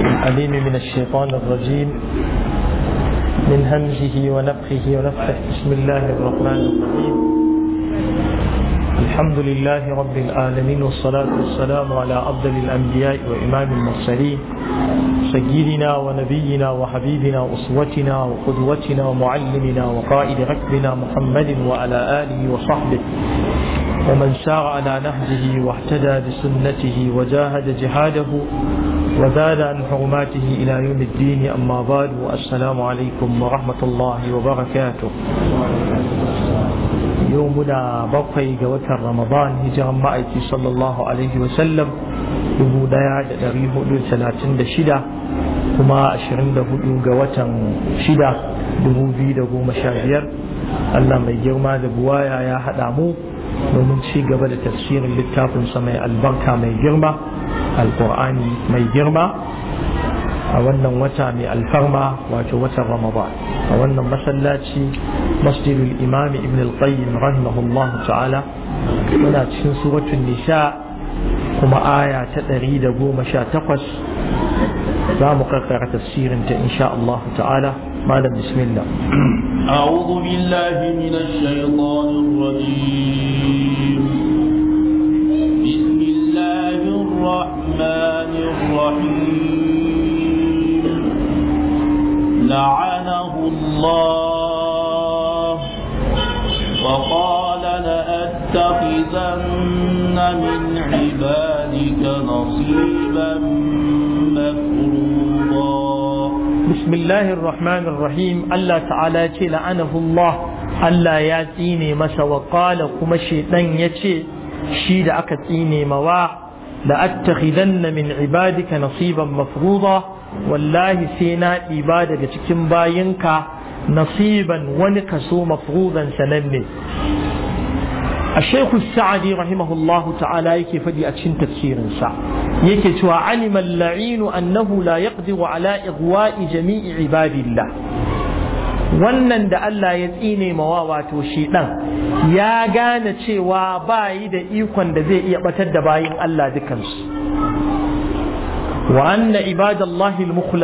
العليم من الشيطان الرجيم من همزه ونفخه ونفخه بسم الله الرحمن الرحيم الحمد لله رب العالمين والصلاة والسلام على أفضل الأنبياء وإمام المرسلين سيدنا ونبينا وحبيبنا وأسوتنا وقدوتنا ومعلمنا وقائد ركبنا محمد وعلى آله وصحبه ومن سار على نهجه واهتدى بسنته وجاهد جهاده وزاد عن حرماته إلى يوم الدين أما بعد السلام عليكم ورحمة الله وبركاته يومنا بقي جوات رمضان هجر مائتي صلى الله عليه وسلم dubu daya da dari hudu talatin da shida kuma ashirin da hudu ga watan shida dubu biyu da goma sha biyar Allah mai girma da buwaya ya haɗa mu domin ci gaba da tafsirin littafinsa mai albarka mai girma alkur'ani mai girma a wannan wata mai alfarma wato watan ramadan a wannan masallaci masjidul imami ibn al-qayyim rahimahullah ta'ala muna cikin suratul nisa kuma aya ta 118 لا قرقرة تفسير انت إن شاء الله تعالى ما لم بسم الله أعوذ بالله من الشيطان الرجيم بسم الله الرحمن الرحيم لعنه الله وقال لأتخذن من عبادك نصيبا الله الرحمن الرحيم الله تعالى لعنه الله Allah ya tsine masa wa qala kuma shaitan yace shi da aka tsine mawa la min ibadika nasiban mafruḍa wallahi sai na ɗiba daga cikin nasiban wani kaso mafruḍan sananne الشيخ السعدي رحمه الله تعالى yake فدي a cikin سا Yake توا علم اللعين أنه لا يقدر على إغواء جميع عباد الله wannan da Allah ya tsine mawa wato shi ɗan ya gane cewa bayi da ikon da zai iya batar da bayin Allah dukansu wa anna ibadallahi al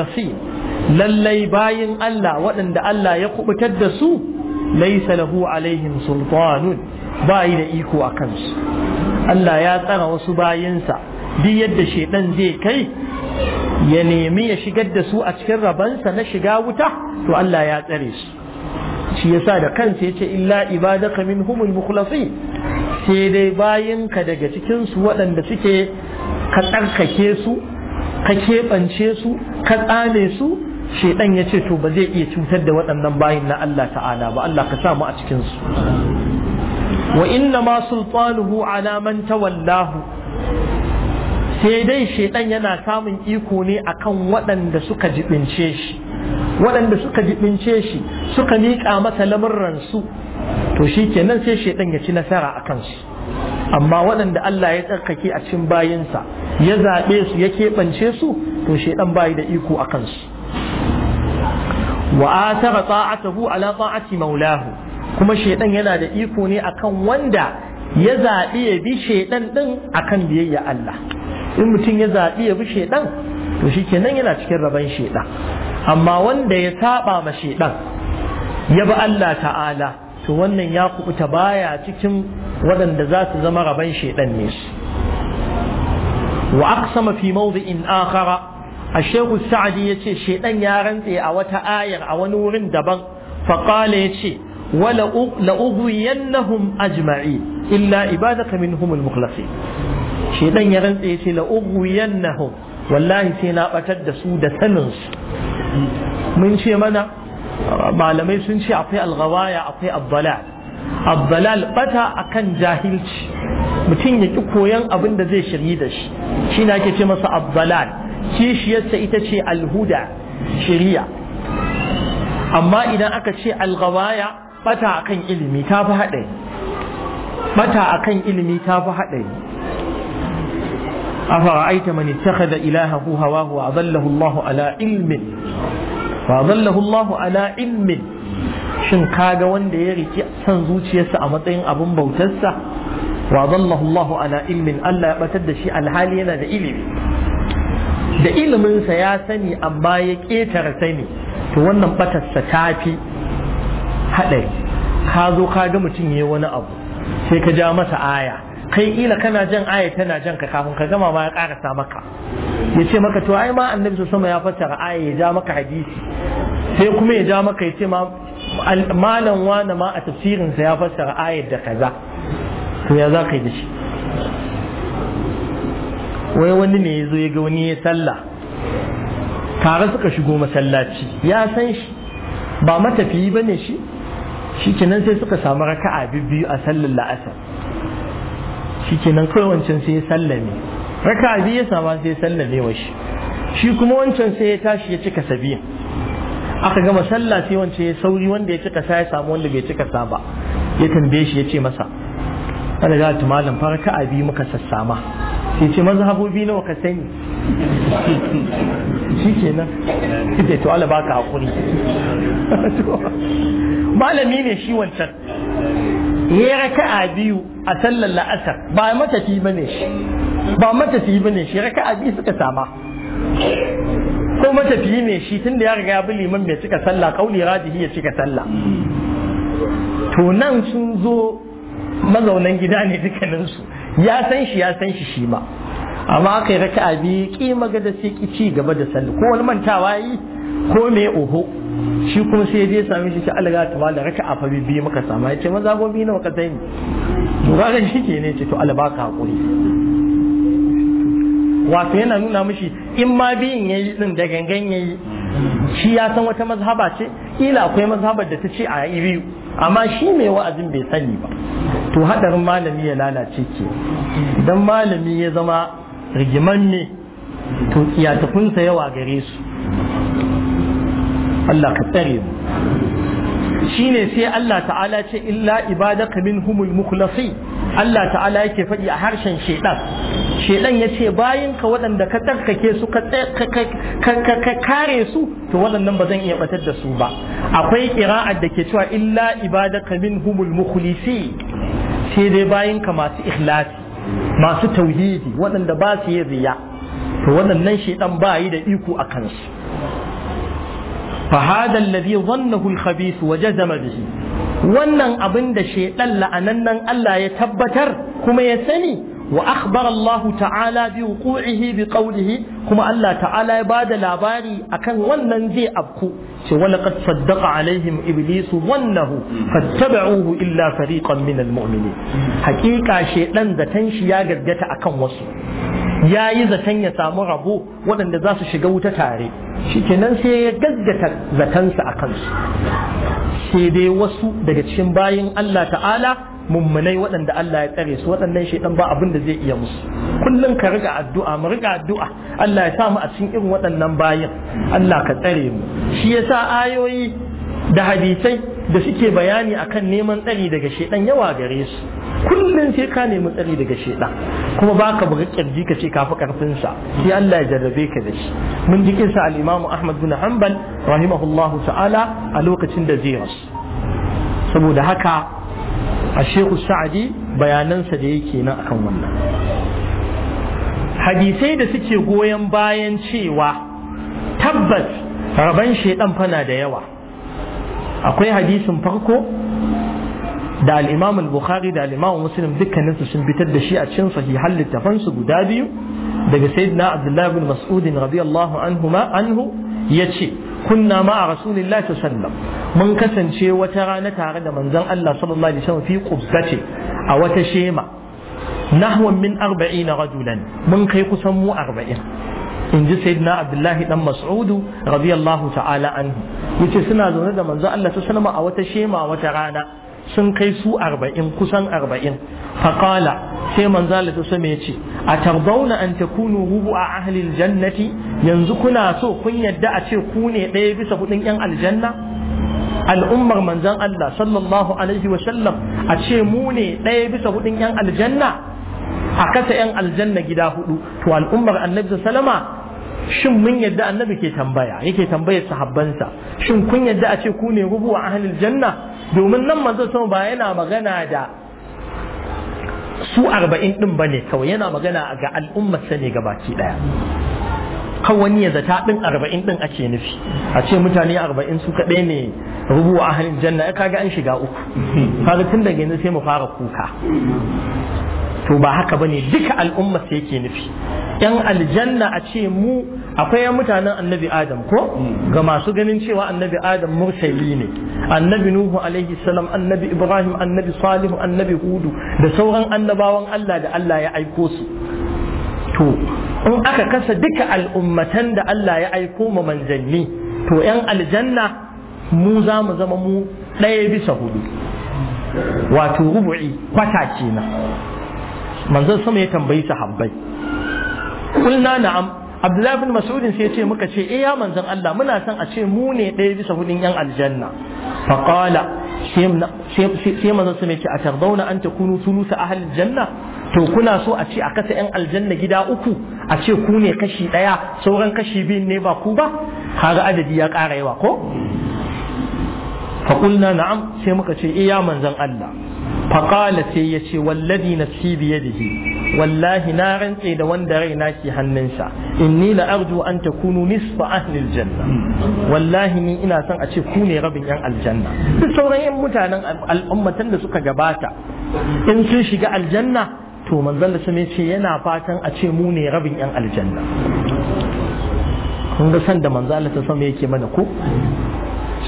lallai bayin Allah waɗanda Allah ya kubutar da su laisa lahu alaihim sultanun ba yi da iko a kansu Allah ya tsara wasu bayinsa duk yadda shaidan zai kai ya nemi ya shigar da su a cikin rabansa na shiga wuta to Allah ya tsare su shi yasa da kansa yace illa ibadaka minhumul mukhlasin sai dai bayinka daga cikin su waɗanda suke ka tsarkake su ka keɓance su ka tsane su shaidan yace to ba zai iya cutar da waɗannan bayin na Allah ta'ala ba Allah ka samu mu a cikin su wa inna ma sultanuhu ala man tawallahu sai dai shaidan yana samun iko ne akan waɗanda suka jibince shi waɗanda suka jibince shi suka miƙa masa lamuransu to shi kenan sai shaidan ya ci nasara a kansu amma waɗanda Allah ya tsarkake a cikin bayinsa ya zaɓe su ya keɓance su to shaidan bayi da iko a kansu wa atara ta'atahu ala ta'ati maulahu kuma shaidan yana da iko ne akan wanda ya zaɓi ya bi shaidan ɗin akan biyayya Allah in mutum ya zaɓi ya bi shaidan to shi kenan yana cikin raban shaidan amma wanda ya saba ma shaidan ya bi Allah ta'ala to wannan ya kubuta baya cikin waɗanda za su zama rabon shaidan ne shi wa aqsama fi mawdi'in akhara الشيخ السعدي يتشي a يا ayar أو تآير أو نور دبن فقال يتشي ولأغوينهم أجمعين إلا عبادك منهم المخلصين شيطان يرنس يسي لأغوينهم والله سينا أتد سودة سننس Mun ce mana. malamai sun ce akwai algawaya akwai abbalal abbalal bata akan jahilci mutum ya ki koyan abin da zai shiryi da shi shi na ke ce masa abbalal kishiyarsa ita ce alhuda shiriya amma idan aka ce algawaya bata akan ilimi ta fi haɗari bata akan ilimi ta fi haɗari أفرأيت من اتخذ إلهه هواه وأضله الله على علم وأضله الله على علم shin kaga wanda ya riki son zuciyarsa a matsayin abin bautarsa wa ala ilmin Allah ya batar da shi alhali yana da ilimi da iliminsa ya sani amma ya ƙetare sani to wannan ɓatarsa ta fi haɗari ka zo ka ga mutum ya wani abu sai ka ja masa aya kai kila kana jan aya tana jan ka kafin ka gama ma ya karasa maka ya ce maka to ai ma annabi su sama ya fassara aya ya ja maka hadisi sai kuma ya ja maka ya ce ma malam wani ma a tafsirinsa ya fassara aya da kaza to ya za ka yi da shi wai wani ne ya zo ya ga wani ya sallah tare suka shigo masallaci ya san shi ba matafiyi ba ne shi shikenan sai suka samu raka'a biyu a sallar la'asar shikenan kawai wancan sai ya sallame raka'a biyu ya sama sai ya sallame wa shi shi kuma wancan sai ya tashi ya cika sabiya aka gama sallah sai wancan ya sauri wanda ya cika sa ya samu wanda bai cika sa ba ya tambaye shi ya ce masa ana ta malam fa raka'a biyu muka sassama shi ce mazhabobi nawa ka sani shi kenan ita to Allah baka hakuri malami ne shi wancan ya a biyu a sallar la'asar ba matafi bane shi ba matafi bane shi raka a biyu suka sama ko matafi ne shi tun da ya riga ya bi liman mai cika sallah kauli rajihi ya cika sallah to nan sun zo mazaunan gida ne dukkaninsu ya san shi ya san shi shi ma amma aka yi raka a biyu ki magada sai ki ci gaba da sallah ko wani mantawa yi ko me oho shi kuma sai dai sami shi ta alaga ta raka a fabi biyu muka samu ya ce maza gobi nawa ka sani to shi ke ne ce to albaka hakuri wato yana nuna mishi in ma biyin yayi din da gangan yayi shi ya san wata mazhaba ce kila akwai mazhabar da ta ce a yi biyu amma shi mai wa'azin bai sani ba to hadarin malami ya lalace ke idan malami ya zama rigiman ne to kiyatafinsa yawa gare su Allah ka tsare mu Shi ne sai Allah ta'ala ce illa ibadaka minhumul mukhlasi Allah ta'ala yake faɗi a harshen shaidan shaidan ya ce ka waɗanda ka tsarkake su ka kare su to waɗannan ba zan iya batar da su ba akwai ƙira'ar da ke cewa illa ibadaka humul mukhlisi sai dai ka masu ikhlasi masu tauhidi waɗanda ba su yi riya to waɗannan shaidan ba yi da iko a kansu فهذا الذي ظنه الخبيث وجزم به wannan abin da shaidan la'anannan Allah ya tabbatar kuma ya sani wa akhbara Allah ta'ala bi wuqu'ihi bi qawlihi kuma Allah ta'ala ya bada labari akan wannan zai afku ce wa laqad saddaqa alaihim iblisu wannahu fattabi'uhu illa fariqan min almu'minin Haƙiƙa shaidan da shi ya gaggata akan wasu ya yi zaton ya samu rabo waɗanda za su shiga wuta tare shikenan sai ya gaggata zatansa a kansu sai dai wasu daga cikin bayan Allah ta'ala mummunai waɗanda Allah ya tsare su waɗannan shaidan ba abin da zai iya musu kullum ka riga addu'a mu riga addu'a Allah ya samu a cikin irin waɗannan bayin Allah ka tsare mu shi yasa ayoyi da hadisai da suke bayani akan neman tsari daga shaidan yawa gare su kullum sai ka nemi tsari daga shedan kuma baka buga kirji ka ce ka fi karfin sa sai Allah ya jarrabe ka da shi mun ji kinsa al-Imam Ahmad bin Hanbal rahimahullahu ta'ala a lokacin da zai rasu saboda haka a Sheikh Sa'di bayanansa da yake nan akan wannan hadisai da suke goyon bayan cewa tabbas raban shedan fana da yawa akwai hadisin farko da al al-Bukhari da al-Imam Muslim dukkanin su sun fitar da shi a cikin sahihan littafan su guda biyu daga Sayyidina Abdullahi ibn Mas'ud radiyallahu anhuma anhu ce. kunna ma'a Rasulillahi sallallahu alaihi wasallam mun kasance wata rana tare da manzon Allah sallallahu alaihi wasallam fi qubbati a wata shema nahwan min 40 rajulan mun kai kusan mu arba'in. in ji sayyidina abdullahi dan mas'udu radiyallahu ta'ala anhu yace suna zaune da manzo Allah sallallahu alaihi wasallam a wata shema wata rana sun kai su arba'in kusan arba'in faƙala sai manzala ta sama ya ce a tarbauna an ta kunu rubu a ahalin jannati yanzu kuna so kun yadda a ce ku ne ɗaya bisa hudun yan aljanna al'ummar manzan Allah sallallahu alaihi wa sallam a ce mu ne ɗaya bisa hudun yan aljanna a kasa yan aljanna gida hudu to al'ummar annabi salama? shin mun yadda annabi ke tambaya yake tambayar sahabbansa shin kun yadda a ce ku ne rubu a ahlil janna domin nan manzo sama ba yana magana da su arba'in din ba ne kawai yana magana ga al'umma ne ga baki daya. kan wani ya zata ɗin arba'in din ake nufi a ce mutane arba'in su kaɗai ne rubu a halin janna ya kaga an shiga uku kaga tun daga yanzu sai mu fara kuka to ba haka bane duka sai yake nufi yan aljanna a ce mu akwai yan mutanen annabi adam ko mm. ga masu ganin cewa annabi adam mursali ne annabi nuhu alaihi salam annabi ibrahim annabi salihu annabi hudu da sauran annabawan allah da allah ya aiko su to in aka kasa duka al'ummatan da allah ya aiko ma manzanni to yan aljanna mu za mu zama mu ɗaya bisa hudu wato rubu'i kwata kenan manzon sama ya tambayi sahabbai kulna na'am abdullahi bin mas'udin sai ce muka ce eh ya manzon Allah muna son a ce mu ne ɗaya bisa hudun yan aljanna fa qala sai manzon sai ce a tarbauna an takunu thuluth ahli aljanna to kuna so a ce a kasa yan aljanna gida uku a ce ku ne kashi ɗaya sauran kashi biyun ne ba ku ba kaga adadi ya ƙara yawa ko fa na'am sai muka ce eh ya manzon Allah faƙala sai ya ce wallazi nafsi biyadihi wallahi na rantse da wanda raina ke hannunsa inni la arju an kunu nisfa ahlil janna wallahi ni ina son a ce ku ne rabin yan aljanna duk sauran yan mutanen al'ummatan da suka gabata in sun shiga aljanna to manzon da ce yana fatan a ce mu ne rabin yan aljanna kun ga san da manzon Allah ta sama yake mana ko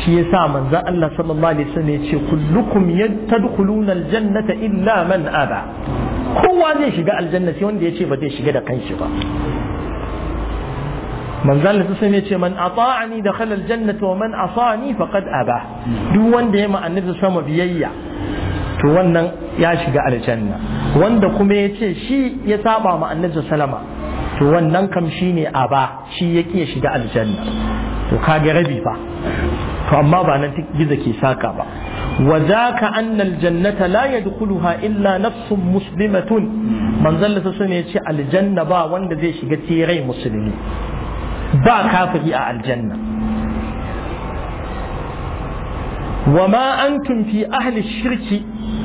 shi ya yasa manza Allah sallallahu alaihi wasallam ce kullukum yadkhuluna aljannata illa man aba kowa zai shiga aljanna sai wanda yace ba zai shiga da kanshi ba manza Allah sallallahu alaihi ce man ata'ani dakhala aljannata wa man asani faqad aba duk wanda ya ma annabi sama biyayya to wannan ya shiga aljanna wanda kuma yace shi ya saba ma annabi sallama to wannan kam shine aba shi yake shiga aljanna to kage rabi fa to amma ba nan gizo ke saka ba wa zaka annal jannata la yadkhuluha illa nafsun muslimatun manzon Allah sun ce aljanna ba wanda zai shiga tirai musulmi ba kafiri a aljanna wa ma an fi ahli shirki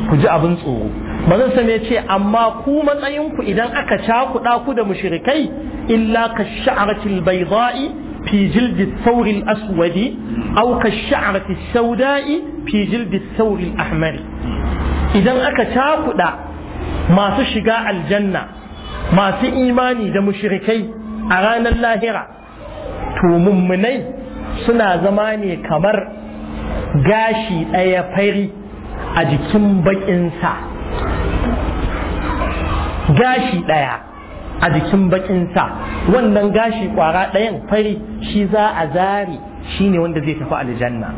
ku ji abin tsoro Mazansa sa ya ce amma ku matsayinku idan aka cakuɗa ku da mushrikai illa ka sha'aratil baydai في جلد الثور الأسود أو كالشعرة السوداء في جلد الثور الأحمر إذا أكا تاكدا ما تشقى الجنة ما إيماني دا مشركي أغانا اللاهرة تو ممني سنا زماني كمر gashi ɗaya fari a jikin baƙinsa gashi ɗaya a jikin bakin sa wannan gashi kwara ɗayan fari shi za a zare shi ne wanda zai tafi aljanna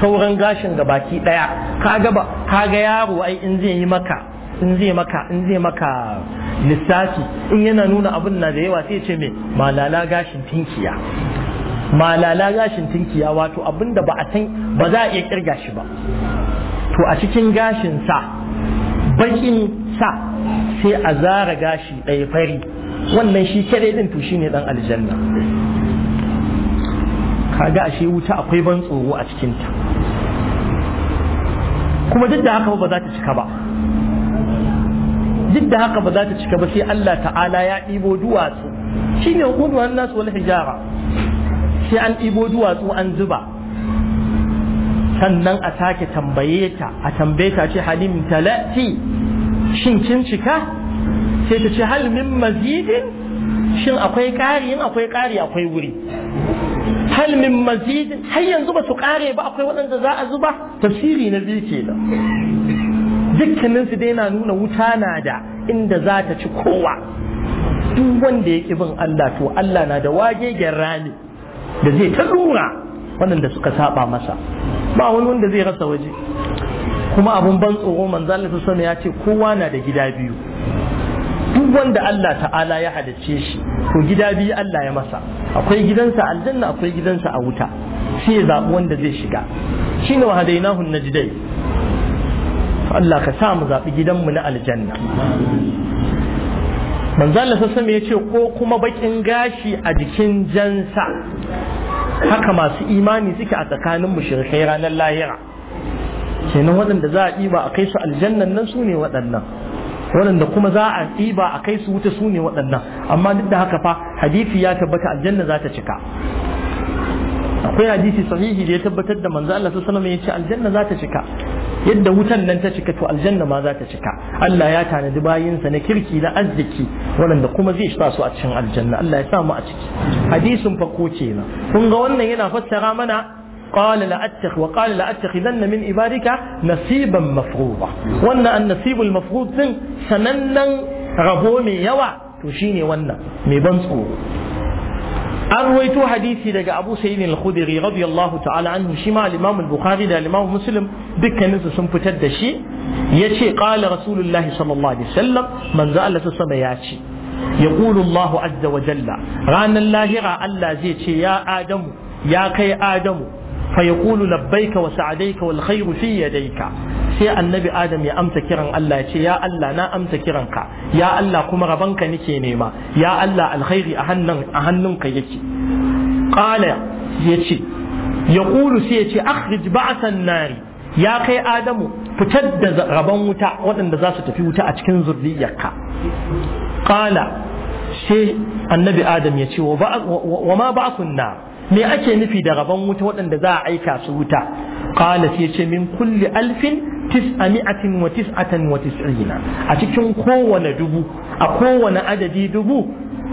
sauran gashin ga baki ɗaya kaga ba yaro ai in zai yi maka in zai maka in zai maka lissafi in yana nuna abin na da yawa sai ce me malala gashin tinkiya malala gashin tinkiya wato abin da ba a san ba za a iya kirga shi ba to a cikin gashin sa bakin sa sai a zara gashi ɗaya fari wannan shi kare din to shine dan aljanna kaga ashe wuta akwai ban tsoro a cikin ta kuma duk da haka ba za ta cika ba duk da haka ba za ta cika ba sai Allah ta'ala ya ɗibo duwatsu shine hukumar nasu wal hijara sai an ɗibo duwatsu an zuba sannan a take tambaye ta a tambaye ta ce halim talati shin kin cika sai ta ce hal mazidin shin akwai ƙari in akwai ƙari akwai wuri hal min mazidin har yanzu ba su ƙare ba akwai waɗanda za a zuba tafsiri na biyu da dukkanin su dai na nuna wuta na da inda za ta ci kowa duk wanda ya bin Allah to Allah na da wagegen rani da zai ta lura waɗanda suka saba masa ba wani wanda zai rasa waje kuma abun ban tsoro manzo Allah ya ce kowa na da gida biyu duk wanda Allah ta'ala ya halicce shi to gida biyu Allah ya masa akwai gidansa aljanna akwai gidansa a wuta sai ya zaɓi wanda zai shiga shine wa hadainahu najdai Allah ka sa mu zaɓi gidanmu na aljanna manzo Allah sassan ya ce ko kuma bakin gashi a jikin jansa haka masu imani suke a tsakanin mushrikai ranar lahira kenan waɗanda za a ɗiba a kai su aljannan nan su ne waɗannan waɗanda kuma za a ɗiba a kai su wuta su ne waɗannan amma duk da haka fa hadisi ya tabbata aljanna za ta cika akwai hadisi sahihi da ya tabbatar da manzo Allah sallallahu alaihi wasallam ya ce aljanna za ta cika yadda wutan nan ta cika to aljanna ma za ta cika Allah ya tanadi bayinsa na kirki na arziki waɗanda kuma zai sa su a cikin aljanna Allah ya sa mu a ciki hadisin farko kenan kun ga wannan yana fassara mana قال لأتخ وقال لأتخذن من Wannan نصيبا مفروضا وأن sanannen rabo mai yawa to shine wannan. تشيني ban ميبان an ruwaito hadisi daga abu sayyid al-khudri radiyallahu ta'ala anhu shi ma al-imam al-bukhari da al-imam muslim sun fitar da shi yace qala rasulullah sallallahu alaihi wasallam manzo Allah ta sama ya ce yaqulu Allah azza wa jalla ranan lahira Allah zai ce ya adamu ya kai adamu fa yaqulu labbaika wa sa'adaika wal khayru fi yadayka sai annabi adam ya amsa kiran Allah ya ce ya Allah na amsa ka. ya Allah kuma rabanka nake nema ya Allah alkhairi a hannun a hannunka yake qala yace yaqulu sai yace akhrij ba'san nari ya kai adamu fitar da rabon wuta waɗanda za su tafi wuta a cikin zurriyarka qala sai annabi adam ya ce wa ma ba'sun nar me ake nufi da rabon wuta waɗanda za a aika su wuta qala sai ce min kulli alfin tis'ami'atin wa tis'atan wa tis'ina a cikin kowane dubu a kowane adadi dubu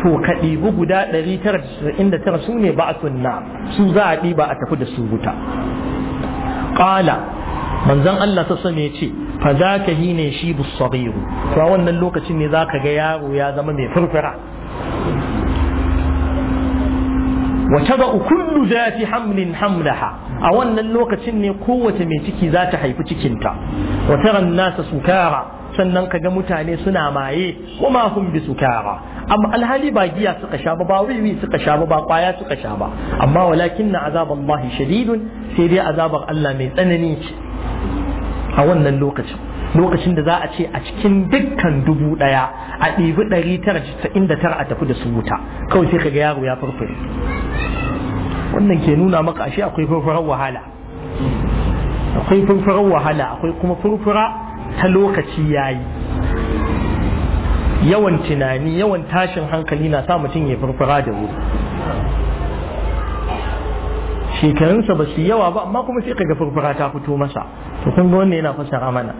to ka ɗibi guda 999 su ne ba sunna su za a ɗiba a tafi da su wuta qala manzon Allah ta sani ce fa za ka hine shi busagiru to a wannan lokacin ne za ka ga yaro ya zama mai furfura wa tada'u kullu zati hamlin hamlaha a wannan lokacin ne kowace mai ciki zata haifi cikinta wa taran nasa sukara sannan kaga mutane suna maye kuma hum bi sukara amma alhali ba giya suka sha ba ba wiwi suka sha ba ba kwaya suka sha ba amma walakin na azaban shadidun sai dai azabar Allah mai tsanani a wannan lokacin lokacin da za a ce a cikin dukkan dubu ɗaya a ɗibi ɗari tara casa'in da tara a tafi da su wuta kawai sai kaga yaro ya farfare wannan ke nuna maka ashe akwai farfarar wahala akwai farfarar wahala akwai kuma furfura ta lokaci ya yi. yawan tunani yawan tashin hankali na sa mutum ya furfura da wuri shekarunsa ba su yawa ba amma kuma sai ka ga furfura ta fito masa to kun ga wannan yana fasara mana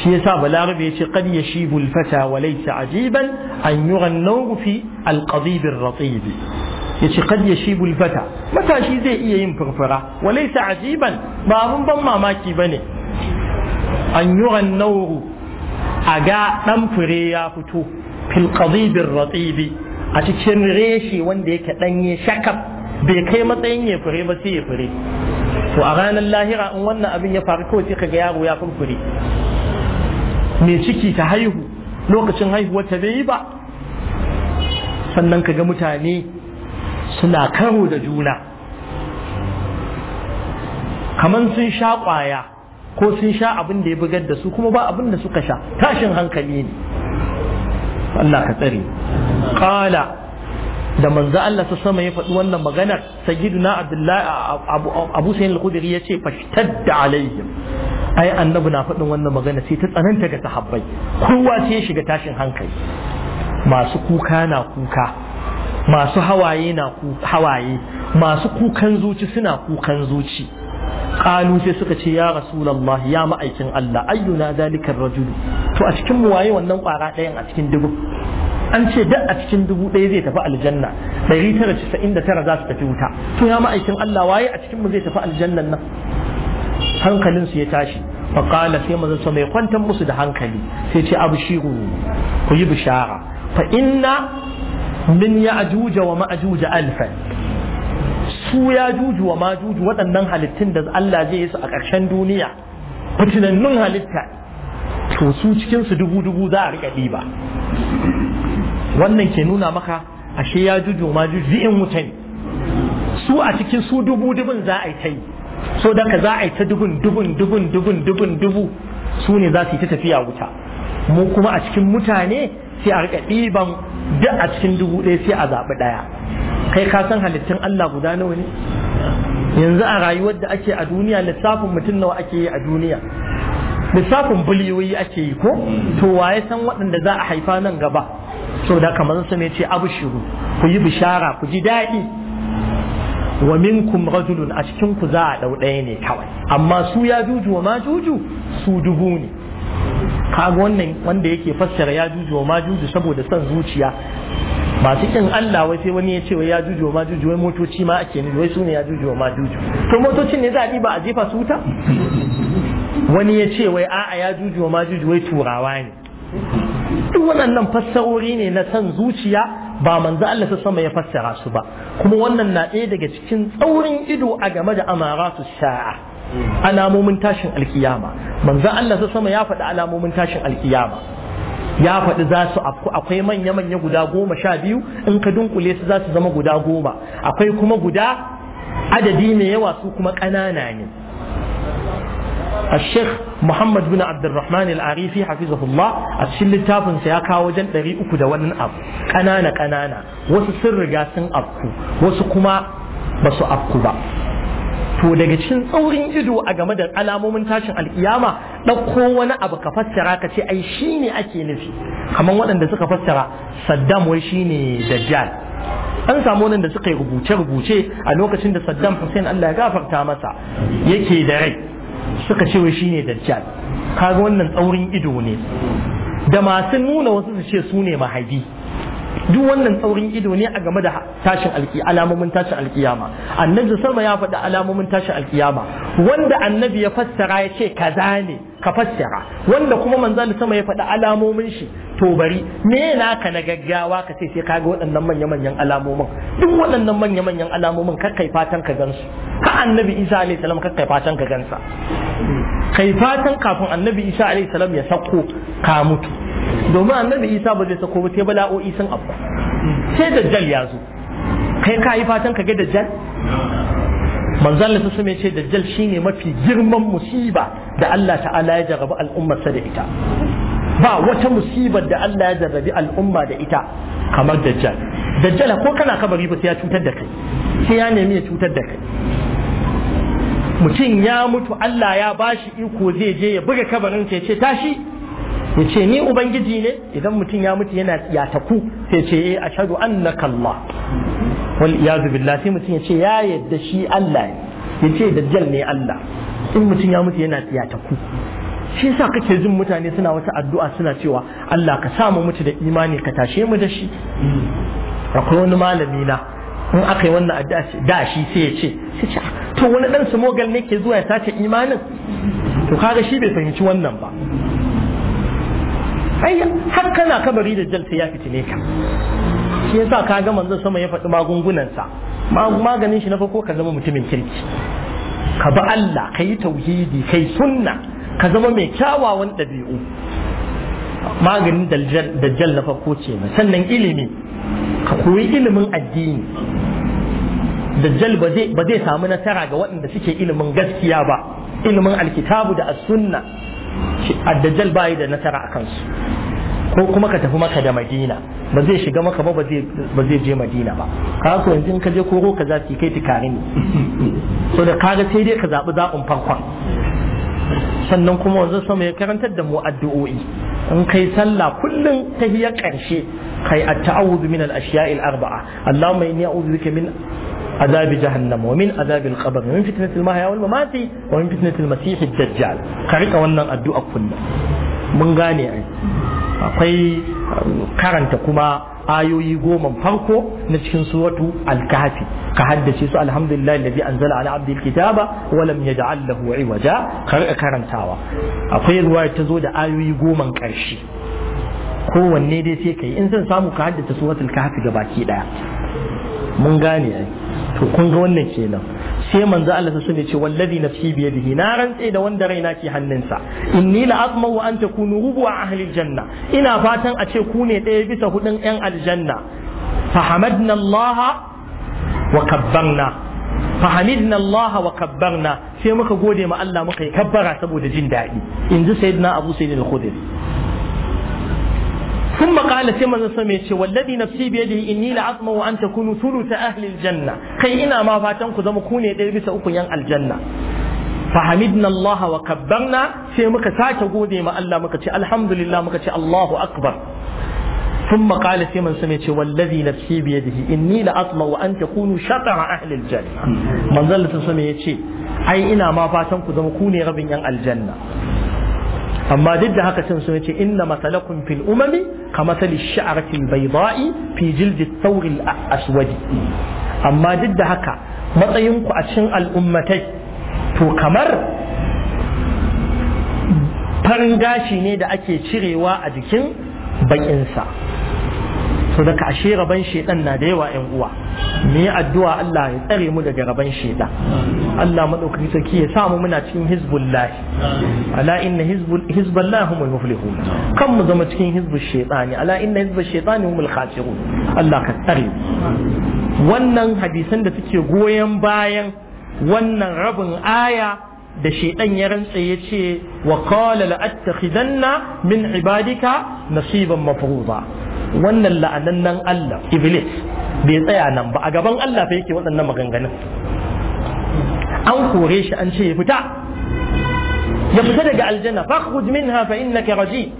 shi yasa balarabe yace qad yashibu al-fata wa laysa ajiban an yura an-nawr fi al-qadib ar-ratib yace qad yashibu al-fata matashi zai iya yin furfura wa laysa ajiban ba mun ban mamaki bane an yura an-nawr a dan fure ya fito fil qadib ar-ratib a cikin reshe wanda yake danye shakab bai kai matsayin ya fure ba sai ya fure to a ranar lahira in wannan abin ya faru kawai sai kaga yaro ya furfure mai ciki ta haihu lokacin haihuwar ta bai yi ba sannan kaga mutane suna karo da juna kamar sun sha kwaya ko sun sha abin da ya bugar da su kuma ba abin da suka sha tashin hankali ne Allah ka tsare Kala. da manzo Allah ta sama ya faɗi wannan maganar sayyiduna abdullahi abu sayyid al-khudri ya ce fashtadda alaihim ai annabi na faɗin wannan magana sai ta tsananta ga sahabbai kowa sai ya shiga tashin hankali masu kuka na kuka masu hawaye na hawaye masu kukan zuci suna kukan zuci qalu sai suka ce ya rasulullah ya ma'aikin Allah ayyuna zalikar rajul to a cikin mu waye wannan kwara ɗayan a cikin dubu an ce duk a cikin dubu ɗaya zai tafi aljanna ɗari tara casa'in da tara za su tafi wuta Tun ya ma'aikin Allah waye a cikin mu zai tafi aljannan nan hankalin su ya tashi fa qala sai manzon sa mai kwantar musu da hankali sai ce abshiru ku yi bishara fa inna min ya'juj wa ma'juj alfan su ya wa waɗannan halittun da Allah zai yi su a ƙarshen duniya fitinannun halitta to su cikin su dubu dubu za a riƙa ɗiba wannan ke nuna maka ashe ya juju ma juju in wuta ne su a cikin su dubu dubun za a yi ta yi so da ka za a yi ta dubun dubun dubun dubun dubun dubu su ne za su yi ta tafiya wuta mu kuma a cikin mutane sai a rika ɗiban duk a cikin dubu ɗaya sai a zaɓi ɗaya kai ka san halittun Allah guda nawa ne yanzu a rayuwar da ake a duniya lissafin mutum nawa ake yi a duniya lissafin biliyoyi ake yi ko to waye san waɗanda za a haifa nan gaba saboda haka manzon sama yace abshiru ku yi bishara ku ji daɗi wa minkum rajulun a cikin ku za a dau ɗaya ne kawai amma su ya juju wa ma juju su dubu ne kaga wannan wanda yake fassara ya juju wa ma juju saboda son zuciya masu kin Allah wai sai wani ya ce wai ya juju ma juju wai motoci ma ake nufi wai sune ya juju ma juju to motocin ne za a ba a jefa su wuta wani ya ce wai a'a ya juju ma juju wai turawa ne duk waɗannan fassarori ne na san zuciya ba manzo Allah ta sama ya fassara su ba kuma wannan na ɗaya daga cikin tsaurin ido a game da amaratu sa'a alamomin tashin alkiyama manzo Allah ta sama ya faɗi alamomin tashin alkiyama ya faɗi za su akwai manya-manya guda goma sha biyu in ka dunkule su za su zama guda goma akwai kuma guda adadi mai yawa su kuma ƙanana ne الشيخ محمد بن عبد الرحمن العريفي حفظه الله أتشل التافن سياكا وجن دري أكو دوان أب كنانا كنانا وسو سر جاسن أبكو wasu كما basu أبكو با to daga cikin tsaurin ido a game da alamomin tashin alkiyama ɗauko wani abu ka fassara ka ce ai shi ne ake nufi kamar waɗanda suka fassara saddam wai shi ne dajjal an samu waɗanda suka yi rubuce-rubuce a lokacin da saddam hussein allah ya gafarta masa yake da rai suka ce wai shine dajjal kaga wannan tsaurin ido ne da masu nuna wasu su ce su ne mahadi duk wannan tsaurin ido ne a game da tashin alamomin tashin alkiyama annabi sama ya faɗi alamomin tashin alkiyama wanda annabi ya fassara ya ce kaza ne ka fassara wanda kuma manzon sama ya faɗi alamomin shi to bari me ka na gaggawa ka ce sai ka ga waɗannan manya manyan alamomin duk waɗannan manya manyan alamomin kar kai fatan ka gansu ka annabi Isa alaihi salam kar kai fatan ka gansa kai fatan kafin annabi Isa alaihi salam ya sako ka mutu domin annabi Isa ba zai sako ba sai bala'o'i sun afku sai dajjal ya zo kai ka yi fatan ka ga dajjal manzon Allah sun ce dajjal shine mafi girman musiba da Allah ta'ala ya jarrabi al'ummarsa da ita ba wata musibar da Allah ya jarrabi al'umma da ita kamar dajjal dajjal ko kana kabari ba sai ya cutar da kai sai ya nemi ya cutar da kai mutum ya mutu Allah ya bashi iko zai je ya buga kabarin sai ce tashi ya ce ni ubangiji ne idan mutum ya mutu yana taku sai ce eh ashhadu annaka Allah wal iyazu billah sai mutum ya ce ya yadda shi Allah ne ya ce dajjal ne Allah in mutum ya mutu yana ta ku. shi yasa kake jin mutane suna wata addu'a suna cewa Allah ka sa mu mutu da imani ka tashe mu da shi akwai wani malami na in aka yi wannan addu'a da shi sai ya ce sai ce ah, to wani dan mogal ne ke zuwa ya sace imanin to kaga shi bai fahimci wannan ba ayya har kana kabari da jal sai ya fitine ka shi yasa ka ga manzon sama ya faɗi magungunansa maganin shi na farko ka zama mutumin kirki ka bi Allah ka yi tauhidi kai sunna ka zama mai kyawawan ɗabi'u maganin dajjal na farko ce sannan ilimi ka koyi ilimin addini dajjal ba zai samu nasara ga waɗanda suke ilimin gaskiya ba ilimin alkitabu da as-sunna dajjal bai da nasara a kansu ko kuma ka tafi maka da madina ba zai shiga maka ba ba zai je madina ba ka ku yanzu in ka je koro ka za kai tukari ne so da kaga sai dai ka zaɓi zaɓin farkon sannan kuma wanzu sama ya karantar da mu addu'o'i in kai sallah kullum ta hiyar ƙarshe kai at-ta'awudhu min al-ashya'il arba'a Allahumma inni a'udhu bika min عذاب جهنم ومن عذاب القبر ومن فتنة المحيا والممات ومن فتنة المسيح الدجال كريك وانا الدعاء كنا من غاني akwai um, karanta kuma ayoyi goma farko na cikin suratu al-kahfi ka haddace su alhamdulillah alladhi anzala ala abdil kitaba wa lam yaj'al lahu iwaja karantawa akwai ruwaya ta zo da ayoyi goma karshe kowanne dai sai kai in zan samu ka haddace suratul kahfi gabaki daya mun gane to kun ga wannan kenan sai manzo Allah ta sunne ce wallazi nafsi bi yadihi na rantse da wanda raina ke hannunsa inni la atmau kunu rubu a ahli aljanna ina fatan a ce ku ne ɗaya bisa hudun yan aljanna fahamadna Allah wa kabbarna Allah wa kabbarna sai muka gode ma Allah muka yi kabbara saboda jin daɗi in ji sayyidina Abu Sayyid al-Khudri sun makala ce manzan sa ce walladi na fi biyar inni la asma wa an takunu tulu ta ahlil janna kai ina ma fatan ku zama ku ne ɗaya bisa uku yan aljanna fahamidna wa kabbarna sai muka sake gode ma Allah muka ce alhamdulillah muka ce Allahu akbar ثم قال سيمن سمي شي والذي نفسي بيده اني لاطمع ان تكونوا شطر اهل الجنه من ظل سمي اي انا ما فاتن كو زمو كوني ربين الجنه amma duk da haka sun sun ce inna masalakum fil umami ka masali sha'aratil bayda'i fi jildi thawril aswadi amma duk da haka matsayinku a cikin al'ummatai to kamar farin gashi ne da ake cirewa a jikin bakinsa so daga ashe raban shedan na da yawa yan uwa mu yi addu'a Allah ya tsare mu daga raban shedan Allah madaukaki sarki ya samu muna cikin hizbullah ala inna hizbul hizballah humul muflihun kan mu zama cikin hizbul shaytani ala inna hizbul shaytani humul khasirun Allah ka tsare wannan hadisan da suke goyen bayan wannan rabin aya da ɗan ya rantse ya ce wa qala la min ibadika nasiban mafruza wannan la'anannan Allah iblis bai tsaya nan ba a gaban Allah fa yake waɗannan maganganun an kore shi an ce ya fita ya fita daga aljanna fakhruj minha fa innaka raji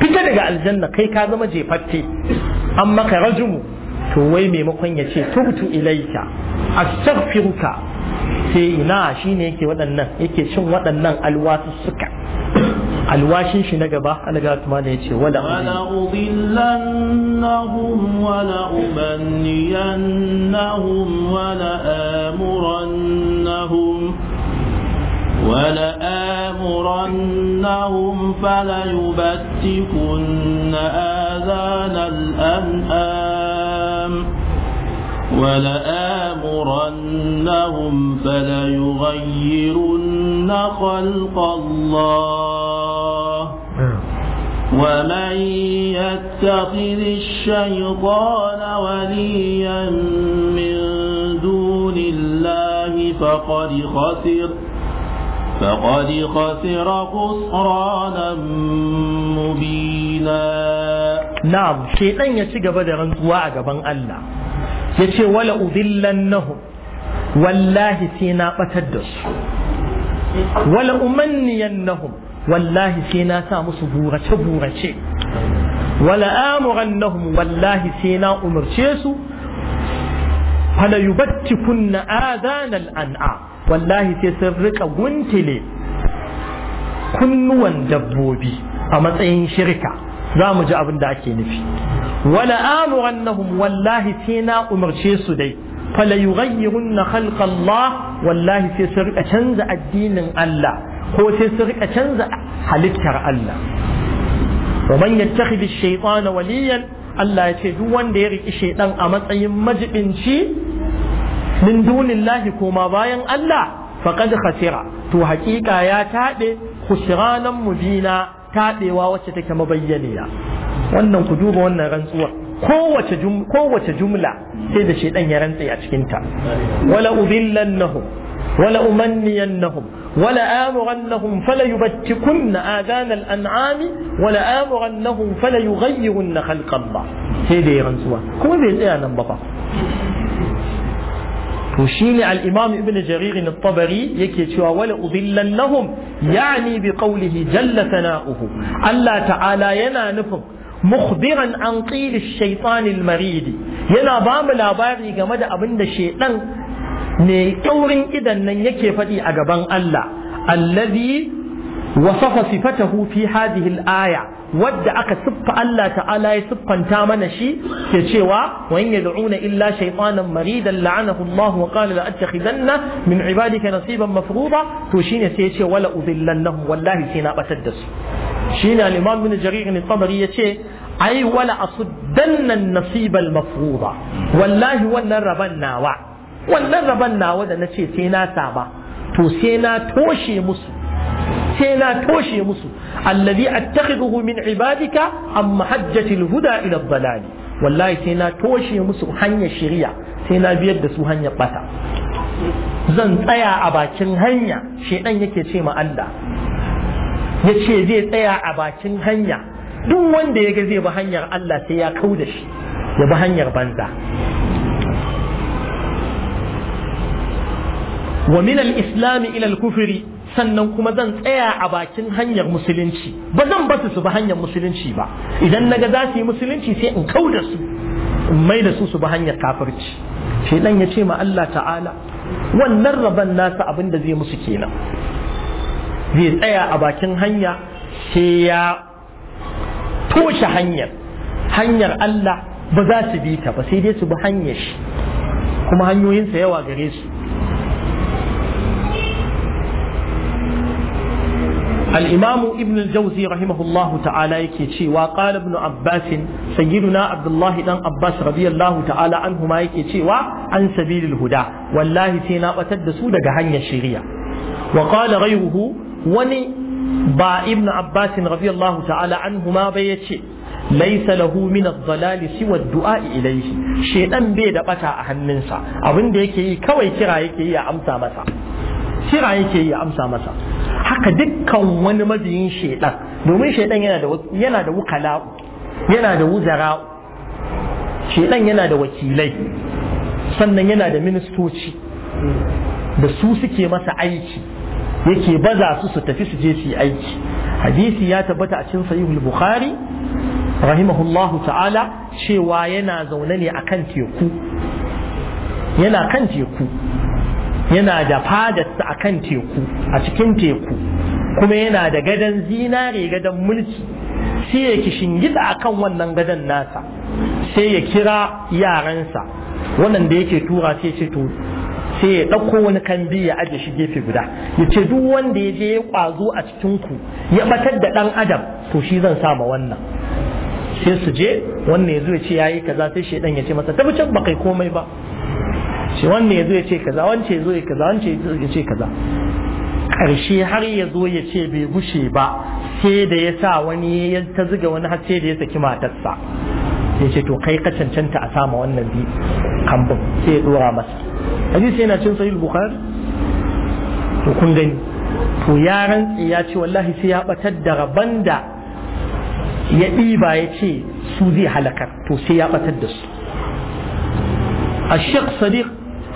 fita daga aljanna kai ka zama jefatte amma ka rajumu to wai maimakon ya ce tubtu ilaika astaghfiruka sai ina shine yake waɗannan yake cin waɗannan alwasussuka alwashin shi na gaba alaga kuma ne yace wala udillannahum wala ubanniyannahum wala amurannahum wala amurannahum fala yubattikun an'am ولآمرنهم فليغيرن خلق الله ومن يتخذ الشيطان وليا من دون الله فقد خسر فقد خسر خسرانا مبينا نعم شيطان يتجب ذرا وعجبا الله ya ce wala udillannahum wallahi sai na batar da su wala umanniyannahum wallahi sai na sa musu burace burace wala amurannahum wallahi sai na umarce su fala kunna adanal an'a wallahi sai sun rika guntile kunnuwan dabbobi a matsayin shirka za mu ji abin da ake nufi wala amurannahum wallahi sai na umarce su dai fala yughayyirunna khalqa Allah wallahi sai su rika canza addinin Allah ko sai su rika canza halittar Allah wa man yattakhidhi ash-shaytana waliyan Allah ya ce duk wanda ya riki shaytan a matsayin majibinci min dunillahi koma bayan Allah faqad khasira to hakika ya tade khusranan mubina taɗewa wacce take mabayyaniya wannan ku duba wannan rantsuwar kowace jumla sai da shaidan ya rantsa a cikin ta wala udillannahum wala umanniyannahum wala amurannahum fala yubtikunna adana an'ami. wala amurannahum fala yughayyirunna khalqa Allah sai da ya rantsuwa kuma bai tsaya nan ba fa to shine al-imam ibn jarir tabari yake cewa wala ya yani bi qawlihi jalla sana'uhu Allah ta'ala yana nufin mukhbiran an qil ash-shaytan al yana ba mu labari game da abin da shedan ne taurin idan nan yake faɗi a gaban Allah allazi wasafa sifatahu fi hadhihi al-aya wadda aka siffa Allah ta'ala ya siffanta mana shi ke cewa wa in yad'una illa shaytanan maridan la'anahu Allah wa qala la min ibadika nasiban mafruḍa to shine sai ya ce wala udhillannahum wallahi sai na batar da su shine al-imam ibn yace ai wala asuddanna nasibal mafruḍa wallahi wannan raban nawa wannan raban nawa da nace sai na saba to sai na toshe musu sai na toshe musu allazi attakhiduhu min ibadika amma hajjatil huda ila dalali wallahi sai na toshe musu hanyar shari'a sai na biyar da su hanyar bata zan tsaya a bakin hanya shedan yake ce ma Allah yace zai tsaya a bakin hanya duk wanda ya ga zai bi hanyar Allah sai ya kauda shi ya bi hanyar banza wa min al-islam kufri sannan kuma zan tsaya a bakin hanyar musulunci ba zan basu su ba hanyar musulunci ba idan naga za su yi musulunci sai in kauda su in mai da su su ba hanyar kafirci dan ya ce ma Allah ta'ala wannan raban nasa abin da zai musu kenan zai tsaya a bakin hanya sai ya toshe hanyar hanyar Allah ba za su bi ta ba sai dai su bi hanyar shi kuma hanyoyinsa yawa gare su الإمام ابن الجوزي رحمه الله تعالى يكيشي وقال ابن عباس سيدنا عبد الله بن عباس رضي الله تعالى عنهما يكيشي عن سبيل الهدى والله سينا وتدسو لقهن الشريعة وقال غيره وني با ابن عباس رضي الله تعالى عنهما بيتشي ليس له من الضلال سوى الدعاء إليه شيطان بيد بتا أهننسا أبن ديكي كوي كرا يكي يا أمسا مسا kira yake yi amsa masa haka dukkan wani mabiyin shaidan domin shaidan yana da wukala yana da wuzara shaidan yana da wakilai sannan yana da ministoci da su suke masa aiki yake baza su su tafi su je su yi aiki hadisi ya tabbata a cikin sahihul bukhari rahimahullahu ta'ala cewa yana zaune ne akan teku yana kan teku yana da fadarsa a kan teku a cikin teku kuma yana da gadon zinare gadon mulki sai ya kishingida a kan wannan gadon nasa sai ya kira yaransa wannan da yake tura sai ce to sai ya ɗauko wani kambi ya aje shi gefe guda ya ce duk wanda ya je ya ƙwazo a cikin ku ya ɓatar da ɗan adam to shi zan sama wannan sai su je wannan ya zo ya ce yayi kaza sai shaidan ya ce masa tabbacin ba kai komai ba ce wanne ya zo ya ce kaza wance ya zo ya kaza wance ya ce kaza ƙarshe har ya zo ya ce bai gushe ba sai da ya sa wani ya ta zuga wani har sai da ya saki matarsa ya ce to kai ka cancanta a sama wannan bi kambun sai ya dora masa hadisi yana cin sahih bukhari to kun gani to ya rantsi ya ce wallahi sai ya batar da rabban da ya ɗiba ya ce su zai halakar to sai ya batar da su الشيخ صديق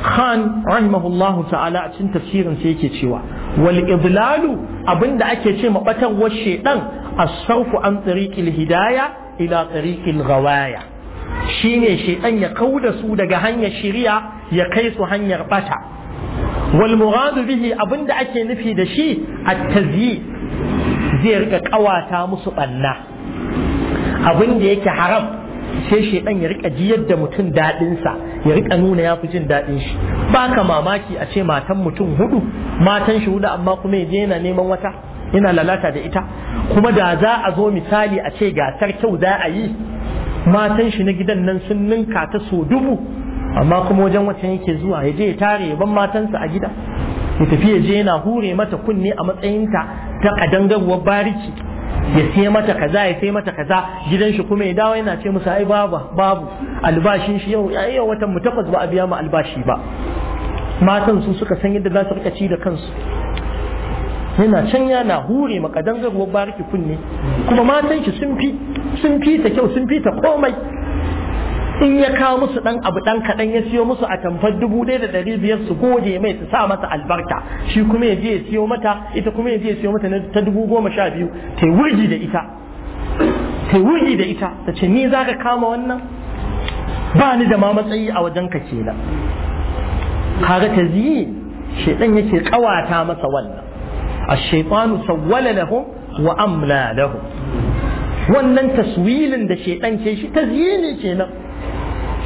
khan rahimahullahu ta'ala a cikin tafsirin sai yake cewa wal idlalu abinda ake ce ma mabatarwar shedan a sarfu an tariqil hidaya ila tariqil ghawaya shine shedan ya kauda su daga hanyar shiriya ya kai su hanyar bata wal muradu bihi abinda ake nufi da shi at-tazyi zai rika kawata musu banna abinda yake haram sai shaidan ya rika jiyar da mutum sa ya rika nuna ya fi jin daɗin shi baka mamaki a ce matan mutum hudu matan shi hudu amma kuma ya je yana neman wata yana lalata da ita kuma da za a zo misali a ce gasar kyau za a yi matan shi na gidan nan sun ninka ta so dubu amma kuma wajen wata yake zuwa ya je ya tare ban matansa a gida ya tafi ya je yana hure mata kunne a matsayinta ta kadangarwar bariki ya sai mata kaza ya sai mata kaza gidan shi kuma ya dawo yana ce musu ai baba babu albashin shi yau yayi watan mu takwas ba a biya mu albashi ba matan su suka san yadda za su rika ci da kansu yana can yana hure makadan garuwar bariki kunne kuma matan shi sun fi sun fi ta kyau sun fi ta komai in ya kawo musu dan abu dan kadan ya siyo musu a tamfar dubu ɗaya da ɗari biyar su goge mai su sa masa albarka shi kuma ya je ya siyo mata ita kuma ya je ya siyo mata ta dubu goma sha biyu ta wurgi da ita ta wurgi da ita ta ce ni za ka kama wannan ba ni da ma matsayi a wajen ka kenan kaga ta ziyi shedan yake kawata masa wannan ash-shaytanu sawwala lahum wa amla lahum wannan taswilin da shedan ke shi ta ne kenan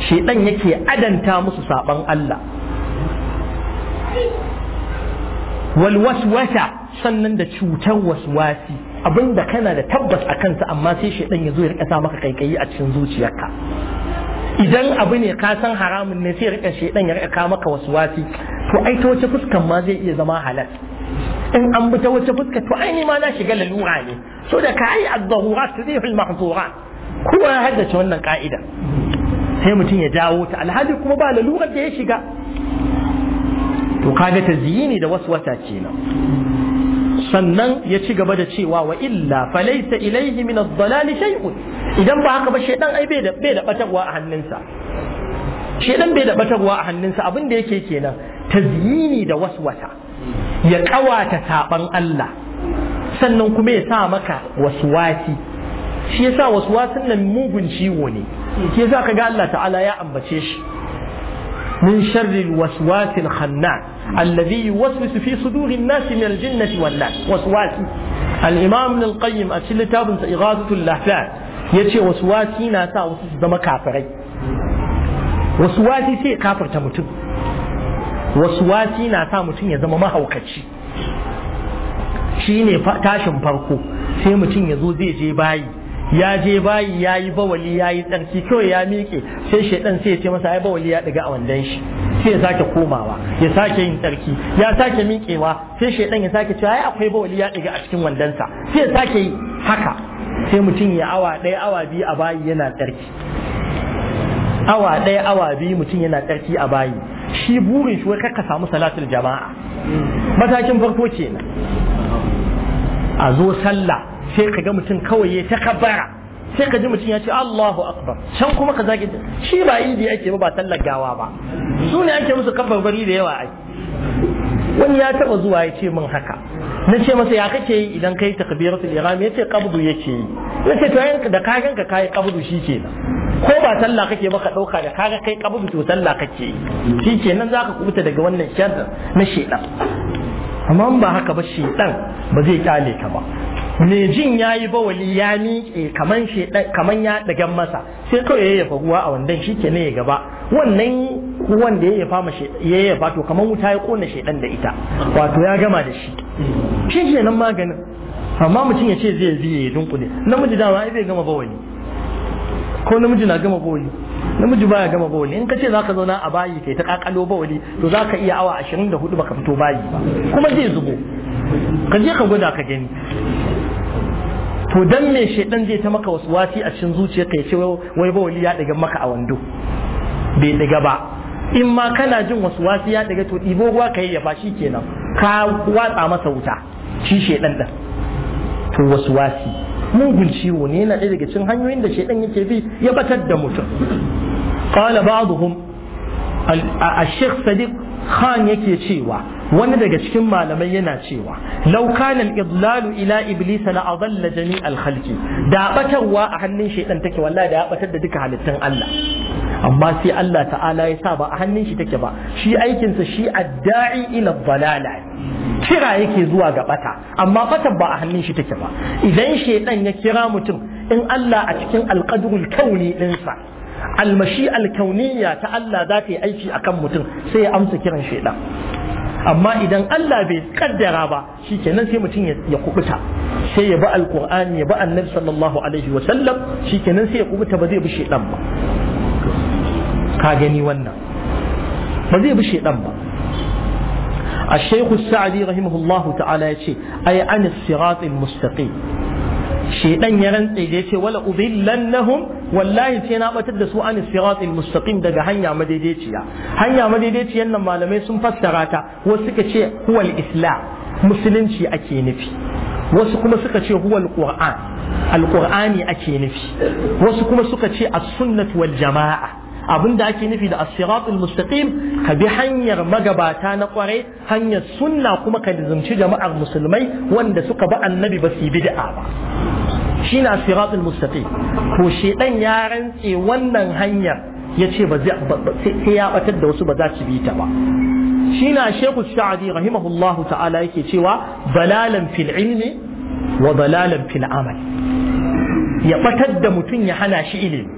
shedan yake adanta musu saban Allah wal sannan da cutar waswasi abinda kana da tabbas a kansa amma sai shedan ya zo ya sa maka kaikayi a cikin zuciyarka idan abu ne ka san haramun ne sai ya rika ya rika ka maka waswasi to ai ta wace fuskan ma zai iya zama halal in an bi ta wace fuska to ai ma na shiga lalura ne so da ka ai az-zahurat tudihu al-mahzurat kowa ya haddace wannan ka'ida sai mutum ya jawo ta alhali kuma ba lalurar da ya shiga to kaga tazyini da waswasa kenan sannan ya ci gaba da cewa wa illa falaita ilaihi min ad-dalali shay'un idan ba haka ba shedan ai bai da bai da batarwa a hannunsa shedan bai da batarwa a hannunsa abin da yake kenan tazyini da waswata ya kawata saban Allah sannan kuma ya sa maka wasi shi yasa waswasin nan mugun ciwo ne ke za ka ga Allah ta'ala ya ambace shi min sharri waswasil khanna alladhi yuwaswisu fi sudurin nasi min aljinnati wan nas waswasi al-imam ibn al-qayyim a cikin littafin sa ighathatul lahfan yace waswasi na sa wasu su zama kafirai waswasi sai kafirta mutum waswasi na sa mutum ya zama mahaukaci shine tashin farko sai mutum ya zo zai je bayi ya je bayi ya yi bawali ya yi tsarki kawai ya miƙe sai shaidan sai ya ce masa ya bawali ya ɗiga a wandan shi sai ya sake komawa ya sake yin tsarki ya sake miƙewa sai shaidan ya sake cewa ya akwai bawali ya ɗiga a cikin wandansa sai ya sake yi haka sai mutum ya awa ɗaya awa biyu a bayi yana tsarki awa ɗaya awa biyu mutum yana tsarki a bayi shi burin shi wai ka samu salatul jama'a matakin farko kenan a zo sallah sai ka ga mutum kawai ya takabbara sai ka ji mutum ya ce Allahu akbar can kuma ka zage shi ba idi ake ba ba tallagawa ba su ne ake musu kabbarbari da yawa ai wani ya taba zuwa ya ce min haka na ce masa ya kake yi idan kai takbiratul ihram ya ce qabdu yake yi na ce to da ka ganka kai qabdu shikenan ko ba sallah kake ba ka dauka da kaga kai qabdu to sallah kake yi shikenan zaka kubuta daga wannan sharri na shedan amma ba haka ba shedan ba zai kyale ka ba mai jin ya yi bawali ya miƙe kaman ya ɗagen masa sai kawai ya yafa ruwa a wandan shi ke ne ya gaba wannan ruwan da ya yafa ma ya yafa to kaman wuta ya kona shaidan da ita wato ya gama da shi shi ke nan maganin amma mutum ya ce zai biye ya dunkule namiji dama ai zai gama bawali ko namiji na gama bawali namiji baya gama bawali in ka ce zaka zauna a bayi kai ta kakalo bawali to zaka iya awa 24 baka fito bayi ba kuma zai zubo ka je ka gwada ka gani to dan me shedan zai ta maka wasu wasi a cikin zuciya ya ce wai ba wali ya daga maka a wando bai daga ba in ma kana jin wasi ya daga to ɗibo ruwa ka ya shi kenan ka watsa masa wuta shi shedan din to wasi mugun ciwo ne na daga cikin hanyoyin da shedan yake bi ya batar da mutum qala ba'dhum al-shaykh sadiq khan yake cewa wani daga cikin malamai yana cewa law kana al-idlalu ila iblis la adalla jami' al-khalqi da batarwa a hannun shaytan take wallahi da ya batar da duka halittun Allah amma sai Allah ta'ala ya sa ba a hannun shi take ba shi aikin sa shi adda'i ila dalala kira yake zuwa ga bata amma batan ba a hannun shi take ba idan shaytan ya kira mutum in Allah a cikin al-qadrul kauni dinsa almashi alkauniyya ta Allah za ta yi aiki akan mutum sai ya amsa kiran shaidan amma idan Allah bai kaddara ba shi kenan sai mutum ya kubuta sai ya ba alqur'ani ya ba annabi sallallahu alaihi wa sallam shi kenan sai ya kubuta ba zai bi shedan ba ka gani wannan ba zai bi shedan ba الشيخ السعدي رحمه الله تعالى يقول أي عن الصراط المستقيم shedan ya rantse ya yace wala nahum wallahi sai na batar da su an siratil mustaqim daga hanya madaidaiciya hanya madaidaiciyan nan malamai sun fassara ta wasu suka ce huwal islam musulunci ake nufi wasu kuma suka ce huwal qur'an alqur'ani ake nufi wasu kuma suka ce as-sunnah wal jama'a abinda ake nufi da as-siratul mustaqim ka bi hanyar magabata na kwarai hanyar sunna kuma ka nizumci jama'ar musulmai wanda suka bi annabi ba su bid'a ba shi na siratul mustaqim to shedan ya rantse wannan hanyar ya ce ba sai ya batar da wasu ba za su bi ta ba shi na shekul sha'adi rahimahullahu ta'ala yake cewa balalan fil ilmi wa balalan fil amal ya batar da mutum ya hana shi ilimi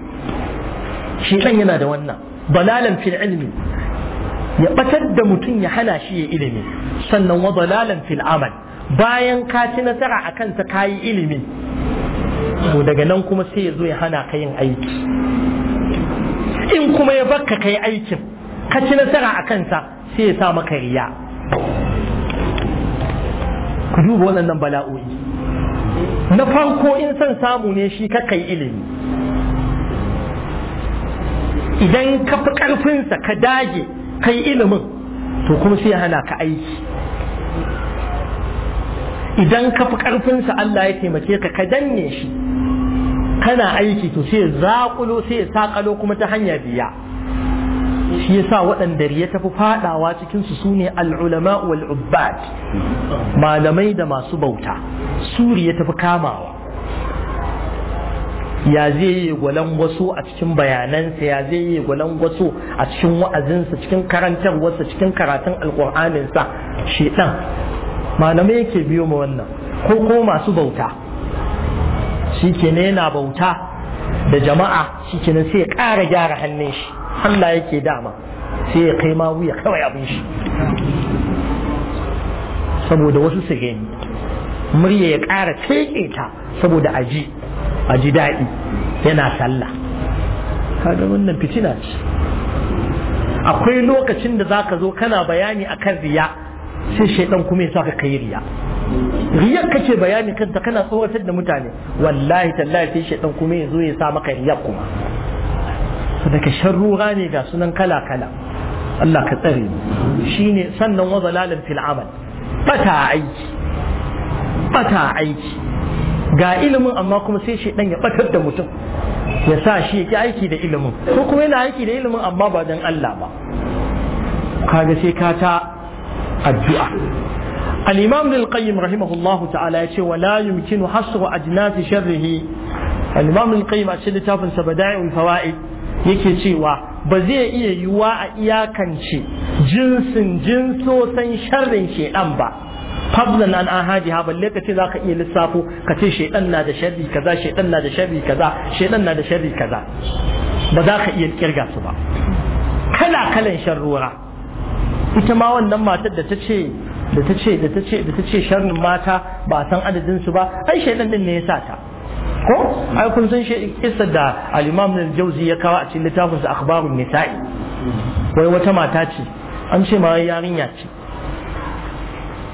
shi dan yana da wannan balalan fil ilmi ya batar da mutum ya hana shi ya ilimi sannan wa balalan fil amal bayan ka ci nasara akan ta kayi ilimin. to daga nan kuma sai ya zo ya hana ka yin aiki in kuma ya bakka kai aikin ka ci nasara a kansa sai ya sa maka riya ku duba waɗannan bala'o'i na farko in son samu ne shi ka kai ilimi idan ka fi ƙarfinsa ka dage kai ilimin to kuma sai ya hana ka aiki idan ka fi ƙarfinsa Allah ya taimake ka ka danne shi kana aiki to sai zaƙulo sai ya saƙalo kuma ta hanya biya shi ya sa waɗanda ya tafi faɗawa cikinsu su ne al'ulama wal ubbad malamai da masu bauta Suri ya tafi kamawa ya zai yi gwalan wasu a cikin bayanansa ya zai yi gwalan wasu a cikin wa'azinsa cikin karantarwarsa cikin karatun alƙur'aninsa Shiɗan. malamai yake biyo wa wannan ko ko masu bauta shi ke yana bauta da jama'a shi kenan sai ya ƙara gyara hannun shi Allah yake dama sai ya kai ma wuya kawai abin shi saboda wasu su gani murya ya ƙara teke ta saboda aji aji daɗi yana sallah kaga wannan fitina ce akwai lokacin da za ka zo kana bayani akan riya sai shaidan kuma ya sa ka kai riya riyar kake bayani kanta kana tsoratar da mutane wallahi tallahi sai shaidan kuma ya zo ya sa maka riyar kuma daga sharrura ne ga sunan kala kala Allah ka tsare shine sannan wa zalalan fil amal bata aiki bata aiki ga ilimin amma kuma sai shaidan ya batar da mutum ya sa shi yake aiki da ilimin ko kuma yana aiki da ilimin amma ba don Allah ba kaga sai ka ta addu'a al-imam al-qayyim rahimahullahu ta'ala ya ce wala yumkinu hasru ajnati sharrihi al-imam al-qayyim a cikin littafin sa bada'ul fawaid yake cewa ba zai iya yiwuwa a iyakance jinsin jinsosan sharrin shedan ba fadlan an ahadi ha balle ka ce zaka iya lissafo ka ce shedan na da sharri kaza shedan na da sharri kaza shedan na da sharri kaza ba za ka iya kirga su ba kala kalan sharrura ita ma wannan matar da ta ce da ta ce da ta ce da ta ce sharrin mata ba san adadin su ba ai shaidan din ne ya sa ta ko ai kun san shi kissa da al-Imam al-Jawzi ya kawo a cikin littafin sa akhbarun nisa'i wai wata mata ce an ce ma yarinya ce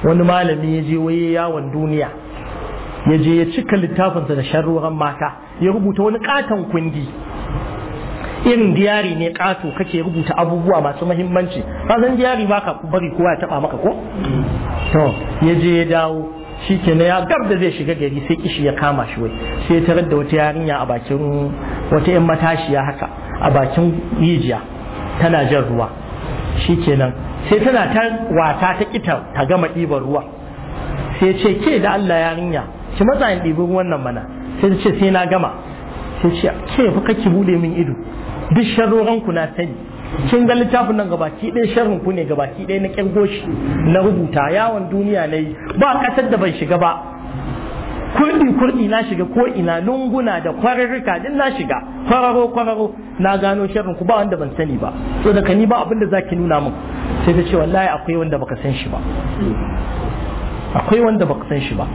wani malami ya je waye yawon duniya ya je ya cika littafinsa da sharruran mata ya rubuta wani katon kundi irin diyari ne ƙato kake rubuta abubuwa masu mahimmanci zan diyari ba ka bari kowa ya taɓa maka ko to ya je ya dawo shi ke na ya gab da zai shiga gari sai kishi ya kama shi wai sai ya tarar da wata yarinya a bakin wata yan matashiya haka a bakin rijiya tana jan ruwa shi ke nan sai tana ta wata ta kita ta gama ɗiban ruwa sai ce ke da Allah yarinya ki matsayin in wannan ruwan nan mana sai ce sai na gama sai ce ke fa kake bude min ido duk sharroran ku na sani kin ga littafin nan gabaki ɗaya sharrin ku ne gabaki ɗaya na kirgo shi na rubuta yawon duniya na yi ba ƙasar da ban shiga ba kurɗi kurɗi na shiga ko ina lunguna da kwararruka din na shiga kwararo kwararo na gano sharrin ku ba wanda ban sani ba to daga ni ba abin da zaki nuna min sai ta ce wallahi akwai wanda baka san shi ba akwai wanda baka san shi ba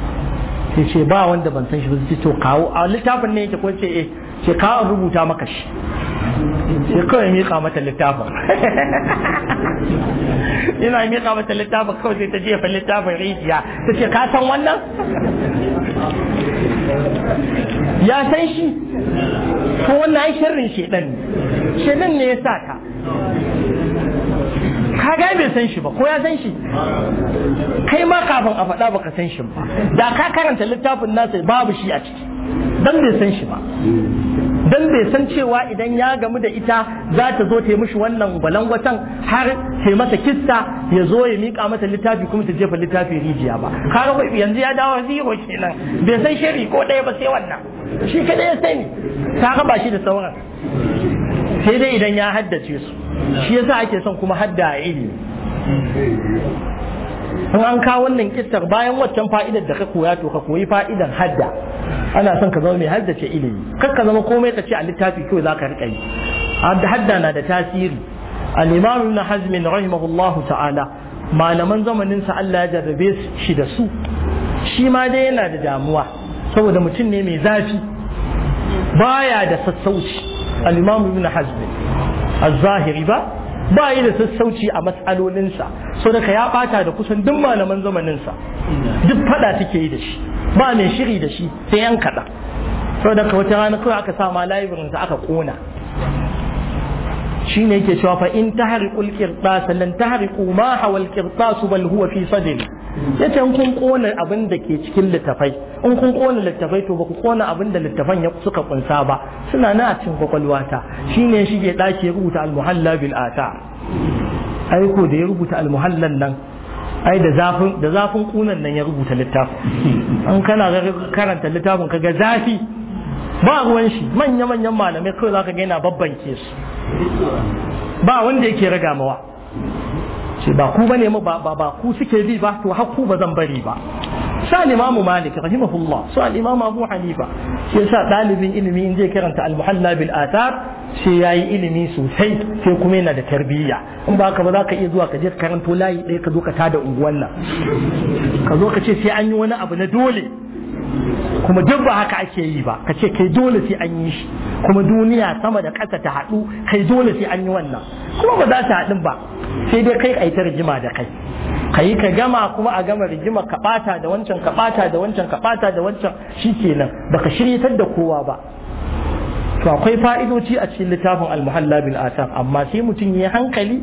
sai ce ba wanda ban san shi ba sai to kawo a littafin ne yake ko ce eh ce kawo rubuta maka shi sai kawai miƙa mata littafin ina miƙa mata littafin kawai sai ta jefa littafin rijiya ta ce ka san wannan ya san shi ko wannan ai shirin shedan ne shedan ne ya sa ka ka ga bai san shi ba ko ya san shi kai ma kafin a faɗa baka san shi ba da ka karanta littafin nasa babu shi a ciki dan bai san shi ba dan bai san cewa idan ya gamu da ita za ta zo ta mishi wannan gwalangwatan har ta masa kista ya zo ya mika mata littafi kuma ta jefa littafi rijiya ba kaga yanzu ya dawo zero kenan bai san shiri ko ɗaya ba sai wannan shi kadai ya sani ta ba shi da sauran sai dai idan ya haddace su shi yasa ake son kuma hadda a ilimi in an kawo wannan kistar bayan waccan fa'idar da ka koya to ka koyi fa'idar hadda ana son ka zama mai haddace ilimi kar ka zama komai ka ce a littafi kyau za ka riƙa yi hadda na da tasiri al-imam ibn hazm rahimahullahu ta'ala malaman zamanin sa Allah ya jarrabe shi da su shi ma dai yana da damuwa saboda mutum ne mai zafi baya da sassauci al-imam ibn hazm a zahiri ba ba yi da sassauci a matsalolinsa so daga ya bata da kusan duk malaman zamaninsa duk fada take yi da shi ba mai shiri da shi sai yan kaɗa so daga wata rana kawai aka sa ma sa aka ƙona shine yake cewa fa in tahriqul qirtas lan tahriqu ma hawal qirtas bal huwa fi sadri ya ce in kun kona abin da ke cikin littafai in kun kona littafai to ba ku kona abin da littafan ya suka kunsa ba suna na a cikin kwakwalwata shine ya shige daki ya rubuta almuhalla bil ata ai ko da ya rubuta almuhallan nan ai da zafin da zafin kunan nan ya rubuta littafin an kana karanta littafin kaga zafi ba ruwan shi manya manyan malamai kawai zaka ga yana babbanke su ba wanda yake ragamawa. ce ba ku bane ba ba ku suke bi ba to haku ba zan bari ba sa imamu malik rahimahullah sa imam abu hanifa shi yasa dalibin ilimi in zai karanta al-muhalla bil athar sai yayi ilimi sosai sai kuma yana da tarbiyya in ba ka ba za ka iya zuwa ka je karanto layi ɗaya ka zo ka tada unguwan nan ka zo ka ce sai an yi wani abu na dole kuma duk ba haka ake yi ba ka ce kai dole sai an yi shi kuma duniya sama da ƙasa ta haɗu kai dole sai an yi wannan kuma ba za ta haɗu ba sai dai kai a ta rigima da kai ka yi ka gama kuma a gama rigima ka ɓata da wancan ka ɓata da wancan ka ɓata da wancan shi kenan baka shiryatar da kowa ba to akwai fa'idoci a cikin littafin al'muhalla muhalla bil amma sai mutum ya hankali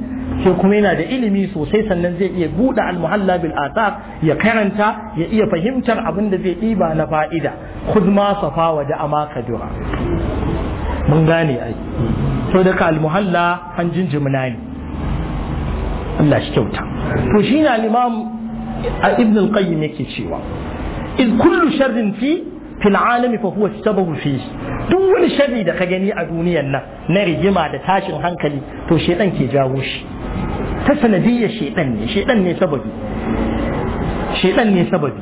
sai kuma yana da ilimi sosai sannan zai iya buɗe al'muhalla bil atar ya karanta ya iya fahimtar abin da zai ɗiba na fa'ida khudh ma safa wa da amaka dura mun gane ai to daga al'muhalla an jinjimina ne Allah shi kyauta to shine al-imam ibn al-qayyim yake cewa in kullu sharrin fi fil alami fa huwa sababu duk wani sharri da ka gani a duniyar nan na rigima da tashin hankali to shedan ke jawo shi ta sanadiyyar shedan ne shedan ne sababi shedan ne sababi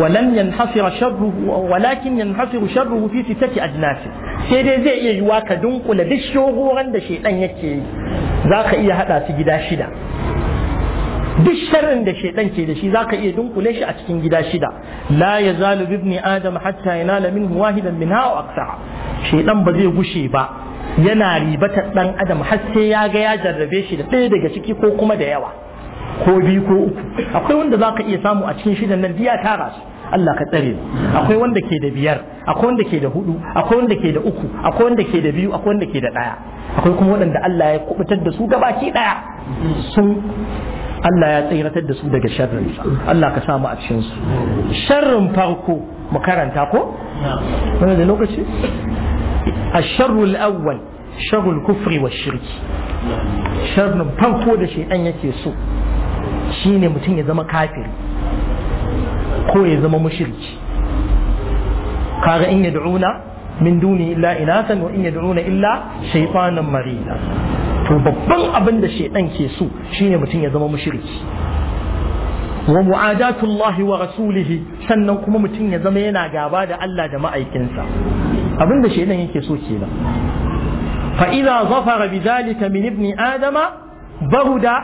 ولم ينحصر شره ولكن ينحصر شره في ستة أجناس sai dai zai iya yiwa ka dunkula duk shogoran da shedan yake za ka iya hada su gida shida duk sharrin da shaitan ke da shi zaka iya dunkule shi a cikin gida shida la yazalu bibni adam hatta yanala minhu wahidan minha aw akthara shaitan ba zai gushe ba yana ribata dan adam har sai ya ga ya jarrabe shi da ɗaya daga ciki ko kuma da yawa ko biyu ko uku akwai wanda zaka iya samu a cikin shidan nan biya tara su Allah ka tsare akwai wanda ke da biyar akwai wanda ke da hudu akwai wanda ke da uku akwai wanda ke da biyu akwai wanda ke da daya akwai kuma waɗanda Allah ya kubutar da su gabaki daya sun Allah ya tsiratar da su daga sharrin Allah ka samu a cikin su sharrin farko mu karanta ko wani da lokaci الشر الأول شر الكفر shirki شر farko da shaitan yake so shine mutum ya zama kafiri ko ya zama mushriki kaga in yad'una min duni illa inasan wa in yad'una illa shaytanan marida to babban abin da shaidan ke so shine mutum ya zama mushriki wa mu'adatullahi wa rasulihi sannan kuma mutum ya zama yana gaba da Allah da ma'aikinsa abin da shaidan yake so kenan fa idza zafara bidhalika min ibni adama baruda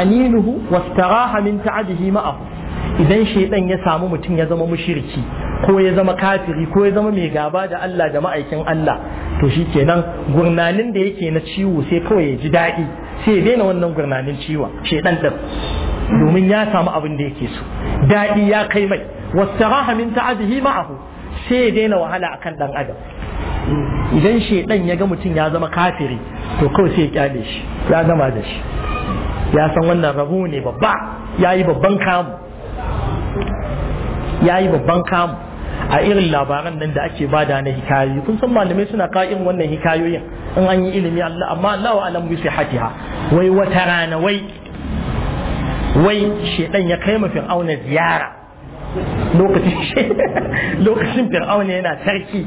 aninuhu wastaraha min ta'adihi ma'ahu idan shaidan ya samu mutum ya zama mushirki ko ya zama kafiri ko ya zama mai gaba da Allah da ma'aikin Allah to shi kenan gurnanin da yake na ciwo sai kawai ya ji daɗi sai ya daina wannan gurnanin ciwon shaidan din domin ya samu abin da yake so daɗi ya kai mai wastaraha min ta'adihi ma'ahu sai ya daina wahala akan ɗan adam idan shaidan ya ga mutum ya zama kafiri to kawai sai ya kyale shi ya gama da shi ya san wannan rabu ne babba ya yi babban kamu ya yi babban kamu a irin labaran nan da ake bada na hikayoyi kun san malamai suna ka'in wannan hikayoyin in an yi ilimi Allah amma Allah wa alam bi sihatiha wai wata rana wai wai shedan ya kai mafin auna ziyara lokacin lokacin fir'auna yana sarki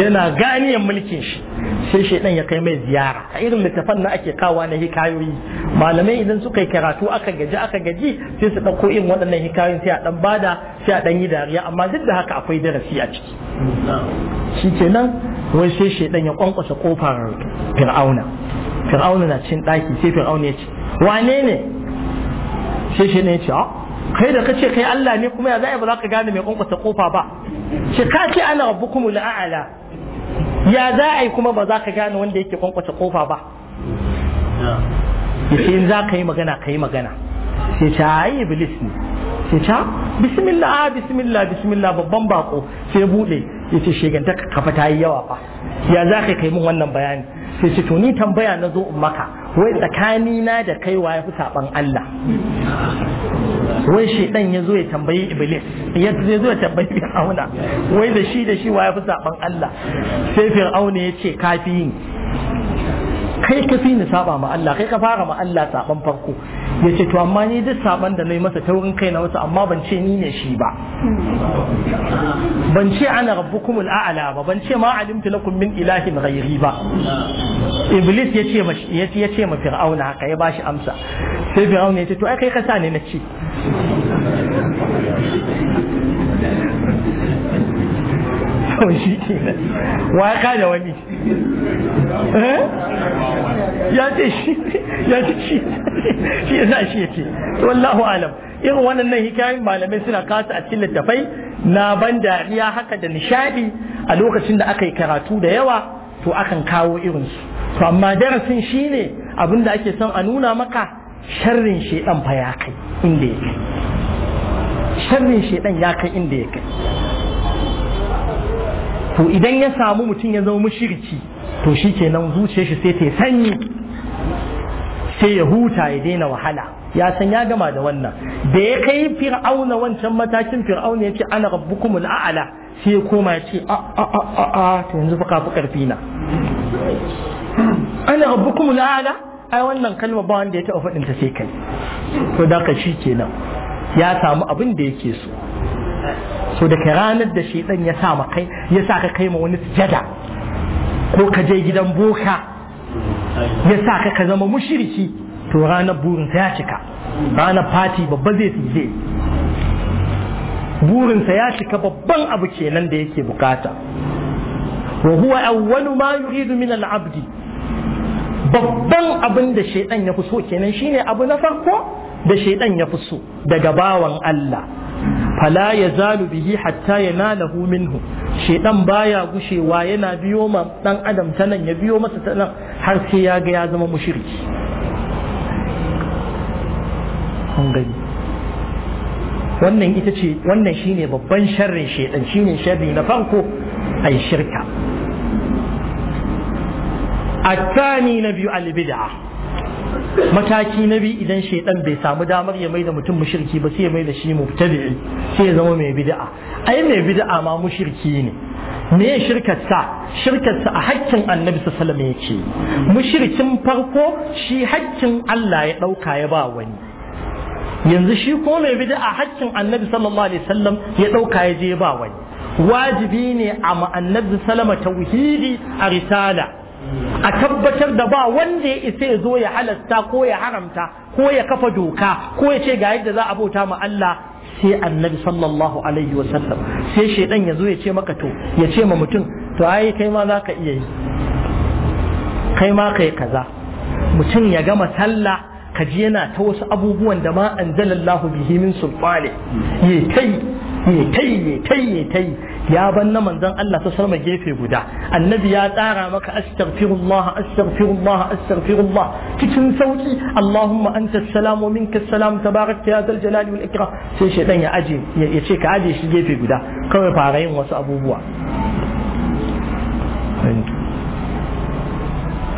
yana ganiyan mulkin shi sai shaidan ya kai mai ziyara a irin littafan na ake kawa na hikayoyi malamai idan suka yi karatu aka gaji aka gaji sai su ɗauko irin waɗannan hikayoyin sai a ɗan bada sai a ɗan yi dariya amma duk da haka akwai darasi a ciki shi nan wai sai shaidan ya kwankwasa kofar fir'auna fir'auna na cin ɗaki sai fir'auna ya ce wane ne sai shaidan ya ce ah, kai da kace kai Allah ne kuma ya a ba za ka gane mai kwankwasa kofa ba ce ka ce ana rabbukumul a'ala ya za a yi kuma ba za ka gane wanda yake kwankwace kofa ba yace in za ka yi magana ka yi magana sai ta ayi iblis ne sai ta bismillah bismillah bismillah babban bako sai bude yace sheganta kafa ta yi yawa fa ya za ka kai min wannan bayani sai ce to ni tambaya na zo in maka wai tsakani na da kai wa ya fi saban Allah wai shaidan ya zo ya tambayi iblis ya zo ya tambayi fir'auna wai da shi da shi wa ya fi saban Allah sai fir'auna ya ce kafi kai ka fi ni saba ma Allah kai ka fara ma Allah saban farko ya ce to amma ni duk saban da na yi masa taurin kai na wasu amma ban ce ni ne shi ba ban ce ana rabbukumul a'ala ba ban ce ma alimtu lakum min ilahin ghairi ba iblis ya ce ya ya ce ma fir'auna haka ya bashi amsa sai fir'auna ya ce to ai kai ka sa ne na ce kawai shi ke wa ya kada wani eh? ya ce shi ya ce shi shi ya sa shi ya ce wallahu alam irin wannan nan hikayoyin malamai suna kasa a cikin littafai na ban dariya haka da nishadi a lokacin da aka yi karatu da yawa to akan kawo irin su. to amma darasin shi ne abin da ake son a nuna maka sharrin shedan fa ya kai inda ya kai sharrin shedan ya kai inda ya kai to idan ya samu mutum ya zama mushirki to shi kenan zuciyar shi sai ta yi sanyi sai ya huta ya daina wahala ya san ya gama da wannan da ya kai fir'auna wancan matakin fir'auna ya ce ana rabbukumul a'ala sai ya koma ya ce a a a a to yanzu karfi na ana rabbukumul a'ala ai wannan kalma ba wanda ya taɓa faɗin ta sai kai to da ka shi kenan ya samu abin da yake so so daga ranar da shaitan ya sa kai ya sa ka kai ma wani sujada ko ka je gidan boka ya sa ka ka zama mushiriki to ranar burinsa ya cika ranar fati babba zai burin burinsa ya cika babban abu kenan da yake bukata wa huwa awwalu ma yuridu min al-abdi babban abin da shaiɗan ya fi so kenan shine abu na farko da shaiɗan ya fi so daga bawan Allah fala ya zalu bihi hatta ya nalahu minhu shedan baya gushewa yana biyo ma dan adam ta nan ya biyo masa ta nan har sai ya ga ya zama mushriki kun gani wannan ita ce wannan shine babban sharrin shedan shine sharri na farko ai shirka الثاني نبي البدعه mataki na biyu idan shaidan bai samu damar ya mai da mutum mushirki ba sai ya mai da shi mubtadi'i sai ya zama mai bid'a ai mai bid'a ma mushirki ne me ya shirkarsa shirkarsa a hakkin annabi sallallahu alaihi yake mushirkin farko shi hakkin Allah ya dauka ya ba wani yanzu shi ko mai bid'a hakkin annabi sallallahu alaihi wasallam ya dauka ya je ba wani wajibi ne a annabi sallama tauhidi a risala a tabbatar da ba wanda ya isa ya zo ya halasta ko ya haramta ko ya kafa doka ko ya ce ga yadda za a bauta ma Allah sai annabi sallallahu alaihi wa sallam sai shaidan ya zo ya ce maka to ya ce ma mutum to ai kai ma za ka iya yi kai ma kai kaza mutum ya gama sallah ka ji yana ta wasu abubuwan da ma anzalallahu bihi min sulfani yayi kai ya tai ya tai ya tai ya ban na manzon Allah ta sarma gefe guda annabi ya tsara maka astaghfirullah astaghfirullah astaghfirullah cikin sauki Allahumma anta assalamu minka salam tabarakta ya zal jalali wal ikram sai shedan ya aje ya ce ka aje shi gefe guda kawai fara yin wasu abubuwa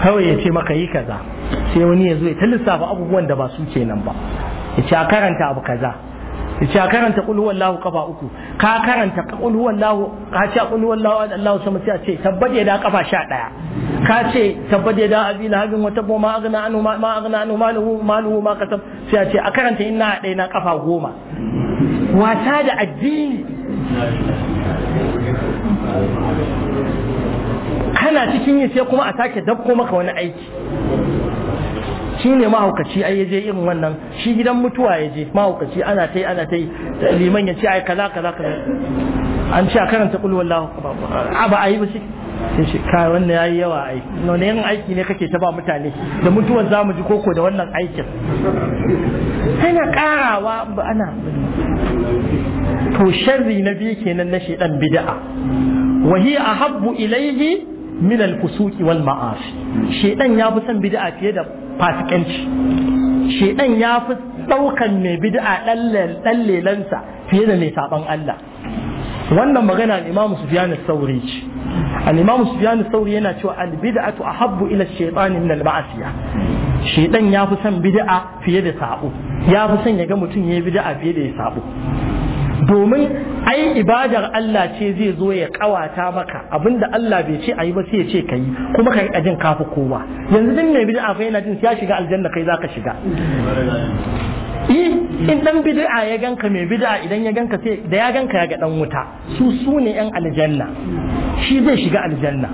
kawai ya ce maka yi kaza sai wani ya zo ya ta lissafa abubuwan da ba su kenan ba ya ce a karanta abu kaza yace a karanta qul huwallahu kafa uku ka karanta qul huwallahu ka ce kul huwallahu Allahu sama sai a ce tabbade da kafa 11 ka ce tabbade da abi hagin wata ma agna anu ma agna anu maluhu maluhu ma kasab sai a ce a karanta inna dai na kafa goma wasa da addini kana cikin yi sai kuma a sake dabko maka wani aiki shine mahaukaci ai yaje irin wannan shi gidan mutuwa ya je mahaukaci ana ta yi ana ta yi liman ya ce ai kaza kaza kaza an ce a karanta kul wallahu a ba a yi ba shi sai shi ka wannan yayi yawa ai wannan yan aiki ne kake ta ba mutane da mutuwar zamu ji koko da wannan aikin tana karawa ba ana to sharri na biyu kenan na shedan bida'a. wa hiya ahabbu ilayhi min al-fusuqi wal ma'asi shedan ya fi son bid'a fiye da fasikanci shedan ya fi daukan mai bid'a dallal dallelansa fiye da mai saban Allah wannan magana al imamu Sufyan al-Thawri ce al imamu Sufyan al-Thawri yana cewa al-bid'atu ahabbu ila ash-shaytan min al-ma'asiya shedan ya fi son bid'a fiye da sabo ya fi son ya ga mutum yayi bid'a fiye da ya sabo domin ai ibadar Allah ce zai zo ya kawata maka abinda Allah bai ce ayi ba sai ya ce kai kuma kai ajin kafi kowa yanzu din mai bid'a fa yana jin ya shiga aljanna kai zaka shiga eh, in dan bid'a ya ganka mai bid'a idan ya ganka sai da ya ganka ya ga dan wuta su su ne yan aljanna shi zai shiga aljanna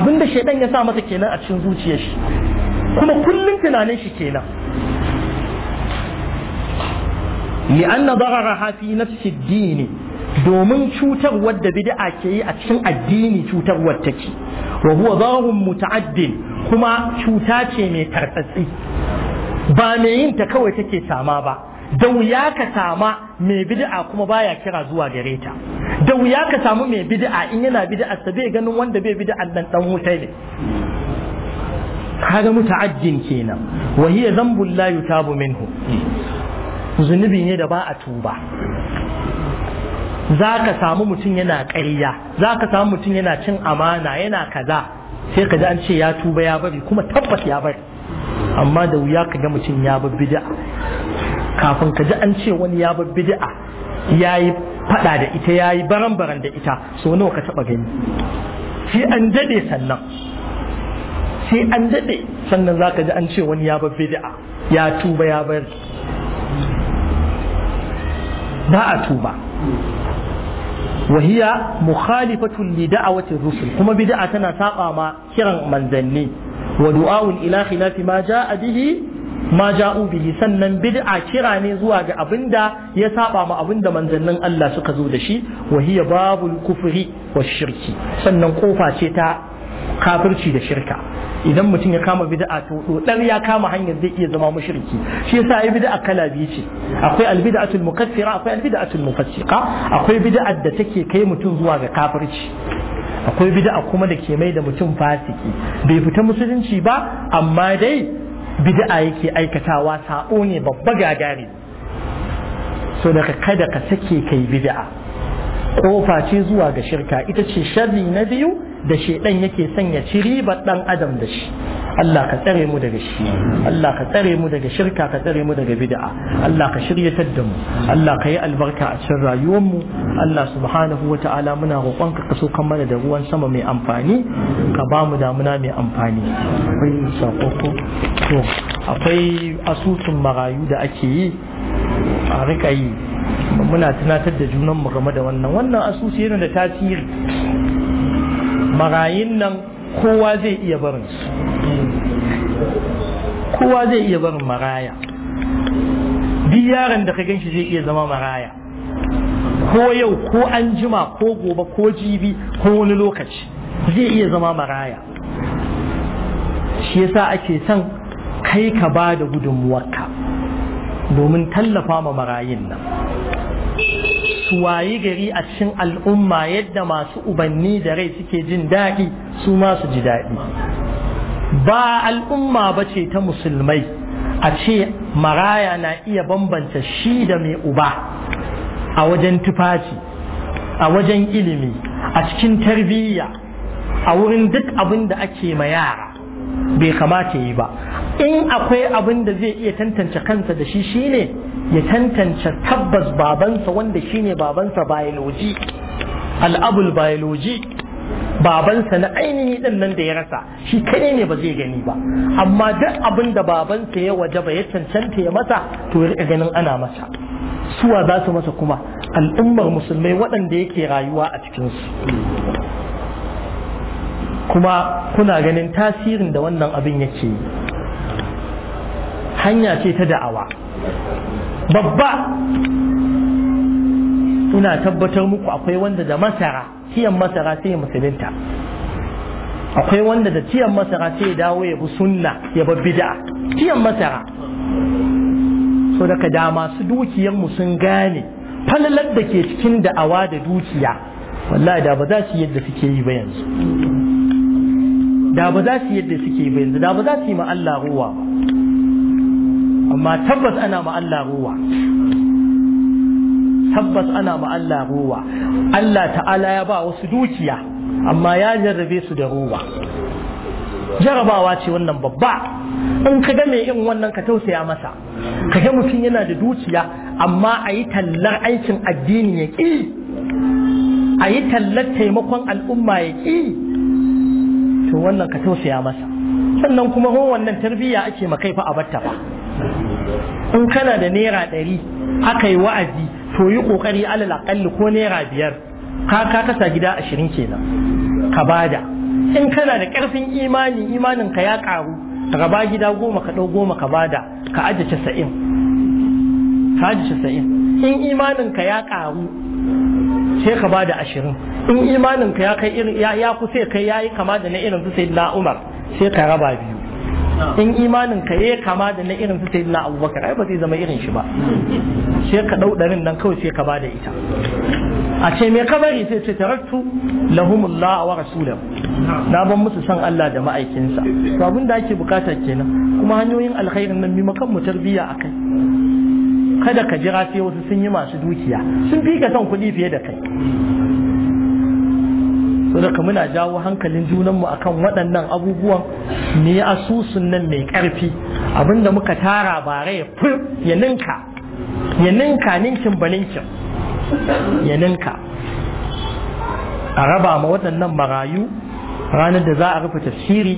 abinda shaidan ya sa masa kenan a cikin zuciyar shi kuma kullun tunanin shi kenan لأن ضررها في نفس الدين domin cutarwar da bid'a ke yi a cikin addini cutarwar take wa huwa zahum muta'addin kuma cuta ce mai tartatsi. ba mai yin ta kawai take sama ba da wuya ka sama mai bid'a kuma baya kira zuwa gare ta da wuya ka samu mai bid'a in yana bid'a sa bai ganin wanda bai bid'a dan dan wutai ne kaga muta'addin kenan wa hiya dhanbun la yutabu minhu zunubi ne da ba a tuba za ka samu mutum yana ƙarya za ka samu mutum yana cin amana yana kaza sai ka ji an ce ya tuba ya bari kuma tabbas ya bari amma da wuya ka ga mutum ya bar bid'a kafin ka ji an ce wani ya bar bid'a ya yi fada da ita ya yi baran-baran da ita so nawa ka taba gani sai an daɗe sannan sai an daɗe sannan za ka ji an ce wani ya bar bid'a ya tuba ya bari ba a tuba وهي مخالفة لدعوة الرسل كما بدعة تنساقى ما كرا منزلني ودعاء إلى خلاف ما جاء به ma ja'u bihi sannan bid'a kira ne zuwa ga abinda ya saba ma abinda manzannin Allah suka zo da shi wa babu kufuri wa shirki sannan kofa ce ta kafirci da shirka idan mutum ya kama bid'a to dodar ya kama hanyar zai iya zama mushriki shi yasa ai bid'a kala biyu ce akwai albid'atul mukaffira akwai albid'atul mufassiqa akwai bid'a da take kai mutum zuwa ga kafirci akwai bid'a kuma da ke mai da mutum fasiki bai fita musulunci ba amma dai bid'a yake aikatawa sabo ne babba gagari so daga kada ka sake kai bid'a kofa ce zuwa ga shirka ita ce sharri na biyu da shedan yake sanya ci ribar dan adam da shi Allah ka tsare mu daga shi Allah ka tsare mu daga shirka ka tsare mu daga bid'a Allah ka shiryatar da mu Allah ka yi albarka a cikin rayuwar mu Allah subhanahu wa ta'ala muna roƙonka ka kan mana da ruwan sama mai amfani ka ba mu damuna mai amfani akwai sakoko to akwai asusun marayu da ake yi a rika yi muna tunatar da mu game da wannan wannan asusu yana da tasiri marayin nan kowa zai iya barin su kowa zai iya barin maraya duk yaron da ka gan shi zai iya zama maraya ko yau ko an jima ko gobe ko jibi ko wani lokaci zai iya zama maraya shi yasa ake son kai ka ba da gudunmuwarka domin tallafa ma marayin nan su wayi gari a cikin al'umma yadda masu ubanni da rai suke jin daɗi su ma su ji daɗi ba al'umma ba ce ta musulmai a ce maraya na iya bambanta shi da mai uba a wajen tufaci a wajen ilimi a cikin tarbiyya a wurin duk abin da ake ma yara bai kamata yi ba in akwai abin da zai iya tantance kansa da shi shine ya tantance tabbas babansa wanda shine babansa biology al'abul biology babansa na ainihi din nan da ya rasa shi kai ne ba zai gani ba amma duk abin da babansa ya waje ba ya cancanta ya masa to ya rika ganin ana masa suwa za su masa kuma al'ummar musulmai waɗanda yake rayuwa a cikinsu kuma kuna ganin tasirin da wannan abin yake yi hanya ce ta da'awa babba ina tabbatar muku akwai wanda da masara ciyan masara sai musulunta akwai wanda da ciyan masara sai ya dawo ya bi sunna ya bi bid'a ciyan masara so daga da masu dukiyar mu sun gane falalar da ke cikin da'awa da dukiya wallahi da ba za su yadda suke yi ba yanzu da ba za su yadda suke yi ba yanzu da ba za su yi ma Allah ruwa ba amma tabbas ana ma Allah ruwa tabbas ana ma Allah ruwa Allah ta'ala ya ba wasu dukiya amma ya jarrabe su da ruwa jarabawa ce wannan babba in ka ga mai in wannan ka tausaya masa ka ga mutum yana da dukiya amma a yi tallar aikin addini ya ƙi a yi tallar taimakon al'umma ya ƙi to wannan ka tausaya masa sannan kuma ko wannan tarbiyya ake makaifa a batta ba in kana da naira ɗari aka yi wa'azi to yi ƙoƙari alal aƙalli ko naira biyar ka ka kasa gida ashirin kenan ka bada in kana da ƙarfin imani imanin ka ya ƙaru ka ba gida goma ka ɗau goma ka bada ka aje casa'in ka aje casa'in in imanin ka ya ƙaru sai ka bada ashirin in imanin ka ya kai ya kusa kai yayi kama da na irin su sai umar sai ka raba biyu in imanin ka yayi kama da na irin su na abubakar ai ba zai zama irin shi ba sai ka dau darin nan kawai sai ka bada ita a ce me bari sai ce taraktu lahumullah wa rasulahu na ban musu san Allah da ma'aikinsa to abin da ake bukata kenan kuma hanyoyin alkhairin nan bi makan mu tarbiya akai kada ka jira sai wasu sun yi masu dukiya sun fi ka son kuɗi fiye da kai saboda muna jawo hankalin junanmu akan waɗannan abubuwan ne asusun nan mai ƙarfi abinda muka tara ba rai ya ninka ya ninka ninkin ba ninkin ya ninka a raba ma waɗannan marayu ranar da za a rufe tafsiri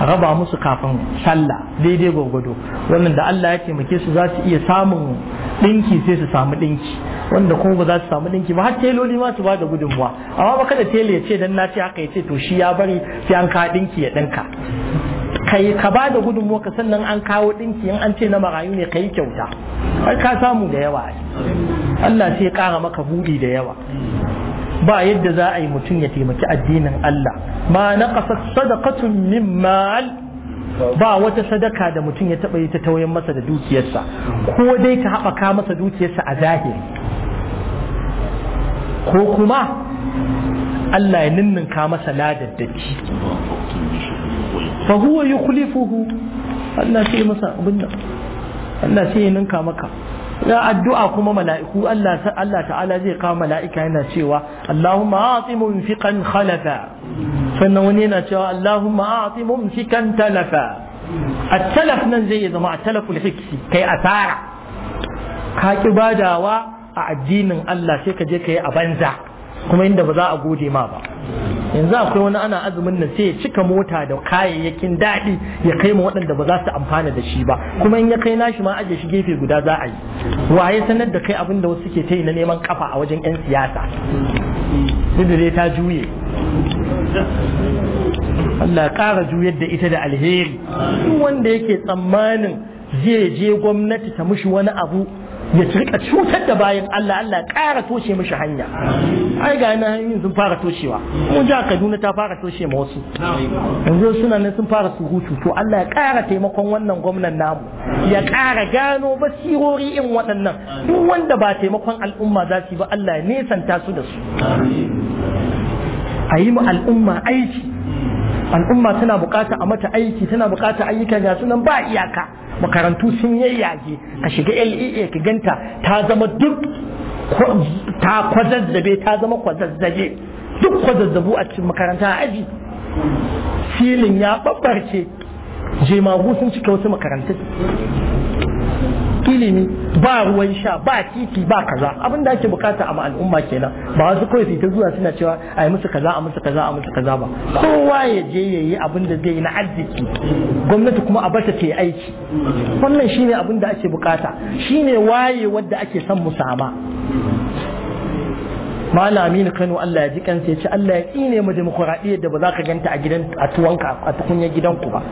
a raba musu kafin sallah daidai gwargwado wannan da Allah ya taimake su za su iya samun ɗinki sai su samu ɗinki wanda kuma ba za su samu ɗinki ba har teloli ma su ba da gudunmuwa amma ba kada tele ya ce dan na ce haka ya ce to shi ya bari sai an ka ɗinki ya ɗinka kai ka ba da gudunmuwa ka sannan an kawo ɗinki in an ce na marayu ne ka yi kyauta har ka samu da yawa Allah sai ya ƙara maka buɗi da yawa ba yadda za a yi mutum ya taimaki addinin Allah ma naqasat sadaqatun min ba wata sadaka da mutum ya taɓa yi ta tauyen masa da dukiyarsa ko dai ka haɓaka masa dukiyarsa a zahiri ko kuma Allah ya ninninka masa ladaddaki fa huwa yukhlifuhu Allah sai masa abin nan Allah sai ya ninka maka ya addu'a kuma mala'iku Allah Allah ta'ala zai kawo mala'ika yana cewa Allahumma ati munfiqan khalafa sannan wani yana cewa Allahumma a'ti mumsikan talafa at-talaf nan zai zama at-talaful hiksi kai asara ka ki badawa a addinin Allah sai ka je ka yi a banza kuma inda ba za a gode ma ba yanzu akwai wani ana azumin nan sai ya cika mota da kayayyakin daɗi ya kai ma waɗanda ba za su amfana da shi ba kuma in ya kai nashi ma aje shi gefe guda za a yi waye sanar da kai abin da wasu suke ta yi na neman kafa a wajen 'yan siyasa duk ta juye Allah ƙara juyar da ita da alheri duk wanda yake tsammanin zai je gwamnati ta mushi wani abu ya rika cutar da bayan Allah Allah ƙara toshe mishi hanya ai ga na hanyoyin sun fara toshewa mun ji Kaduna ta fara toshe ma wasu yanzu suna nan sun fara surutu to Allah ya ƙara taimakon wannan gwamnan namu ya ƙara gano basirori in waɗannan duk wanda ba taimakon al'umma za su yi ba Allah ya nesanta su da su a yi ma al'umma aiki al'umma tana bukata a mata aiki tana bukata ayyuka ga nan ba iyaka makarantu sun yayyage e a shiga LEA ka ganta ta zama duk ta kwazazzabe ta zama kwazazzabe duk kwazazzabu a cikin makaranta aji filin ya babbarce jemagu sun cika wasu makarantar. ilimi ba ruwan sha ba titi ba kaza abin da ake bukata a al'umma kenan ba wasu kawai su ta zuwa suna cewa a yi musu kaza a musu kaza a musu kaza ba kowa ya je ya yi abin da zai yi na arziki gwamnati kuma a bata yi aiki wannan shine abin da ake bukata shine waye wadda ake son mu sama mala aminu kano allah ya ji kansa ya ce allah ya tsine mu demokuraɗiyyar da ba za ka ganta a gidan a tuwanka a tukunyar gidanku ba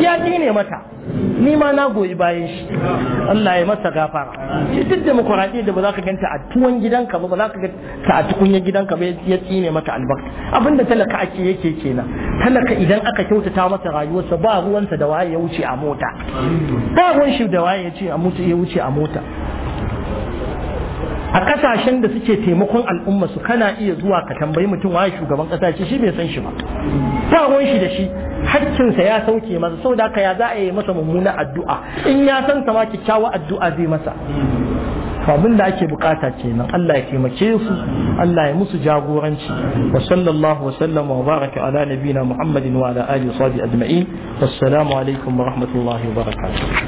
ya tsine mata ni ma na goyi bayan shi allah ya masa gafara shi duk demokuraɗiyyar da ba za ka ganta a tuwon gidanka ba ba za ka ganta a gidan gidanka ba ya tsine mata albarka abinda talaka ake yake kenan talaka idan aka kyautata masa rayuwarsa ba ruwansa da waye ya wuce a mota ba ruwan shi da waye ya ce ya wuce a mota a kasashen da suke taimakon al'umma su kana iya zuwa ka tambayi mutum waye shugaban kasa shi bai san shi ba ta ruwan shi da shi hakkinsa ya sauke masa saboda haka ya za a yi masa mummunan addu'a in ya san sama kyakkyawa addu'a zai masa abin da ake bukata kenan Allah ya taimake su Allah ya musu jagoranci wa sallallahu wa sallama wa baraka ala nabina Muhammadin wa ala alihi wa sahbihi ajma'in wassalamu alaikum wa rahmatullahi wa barakatuh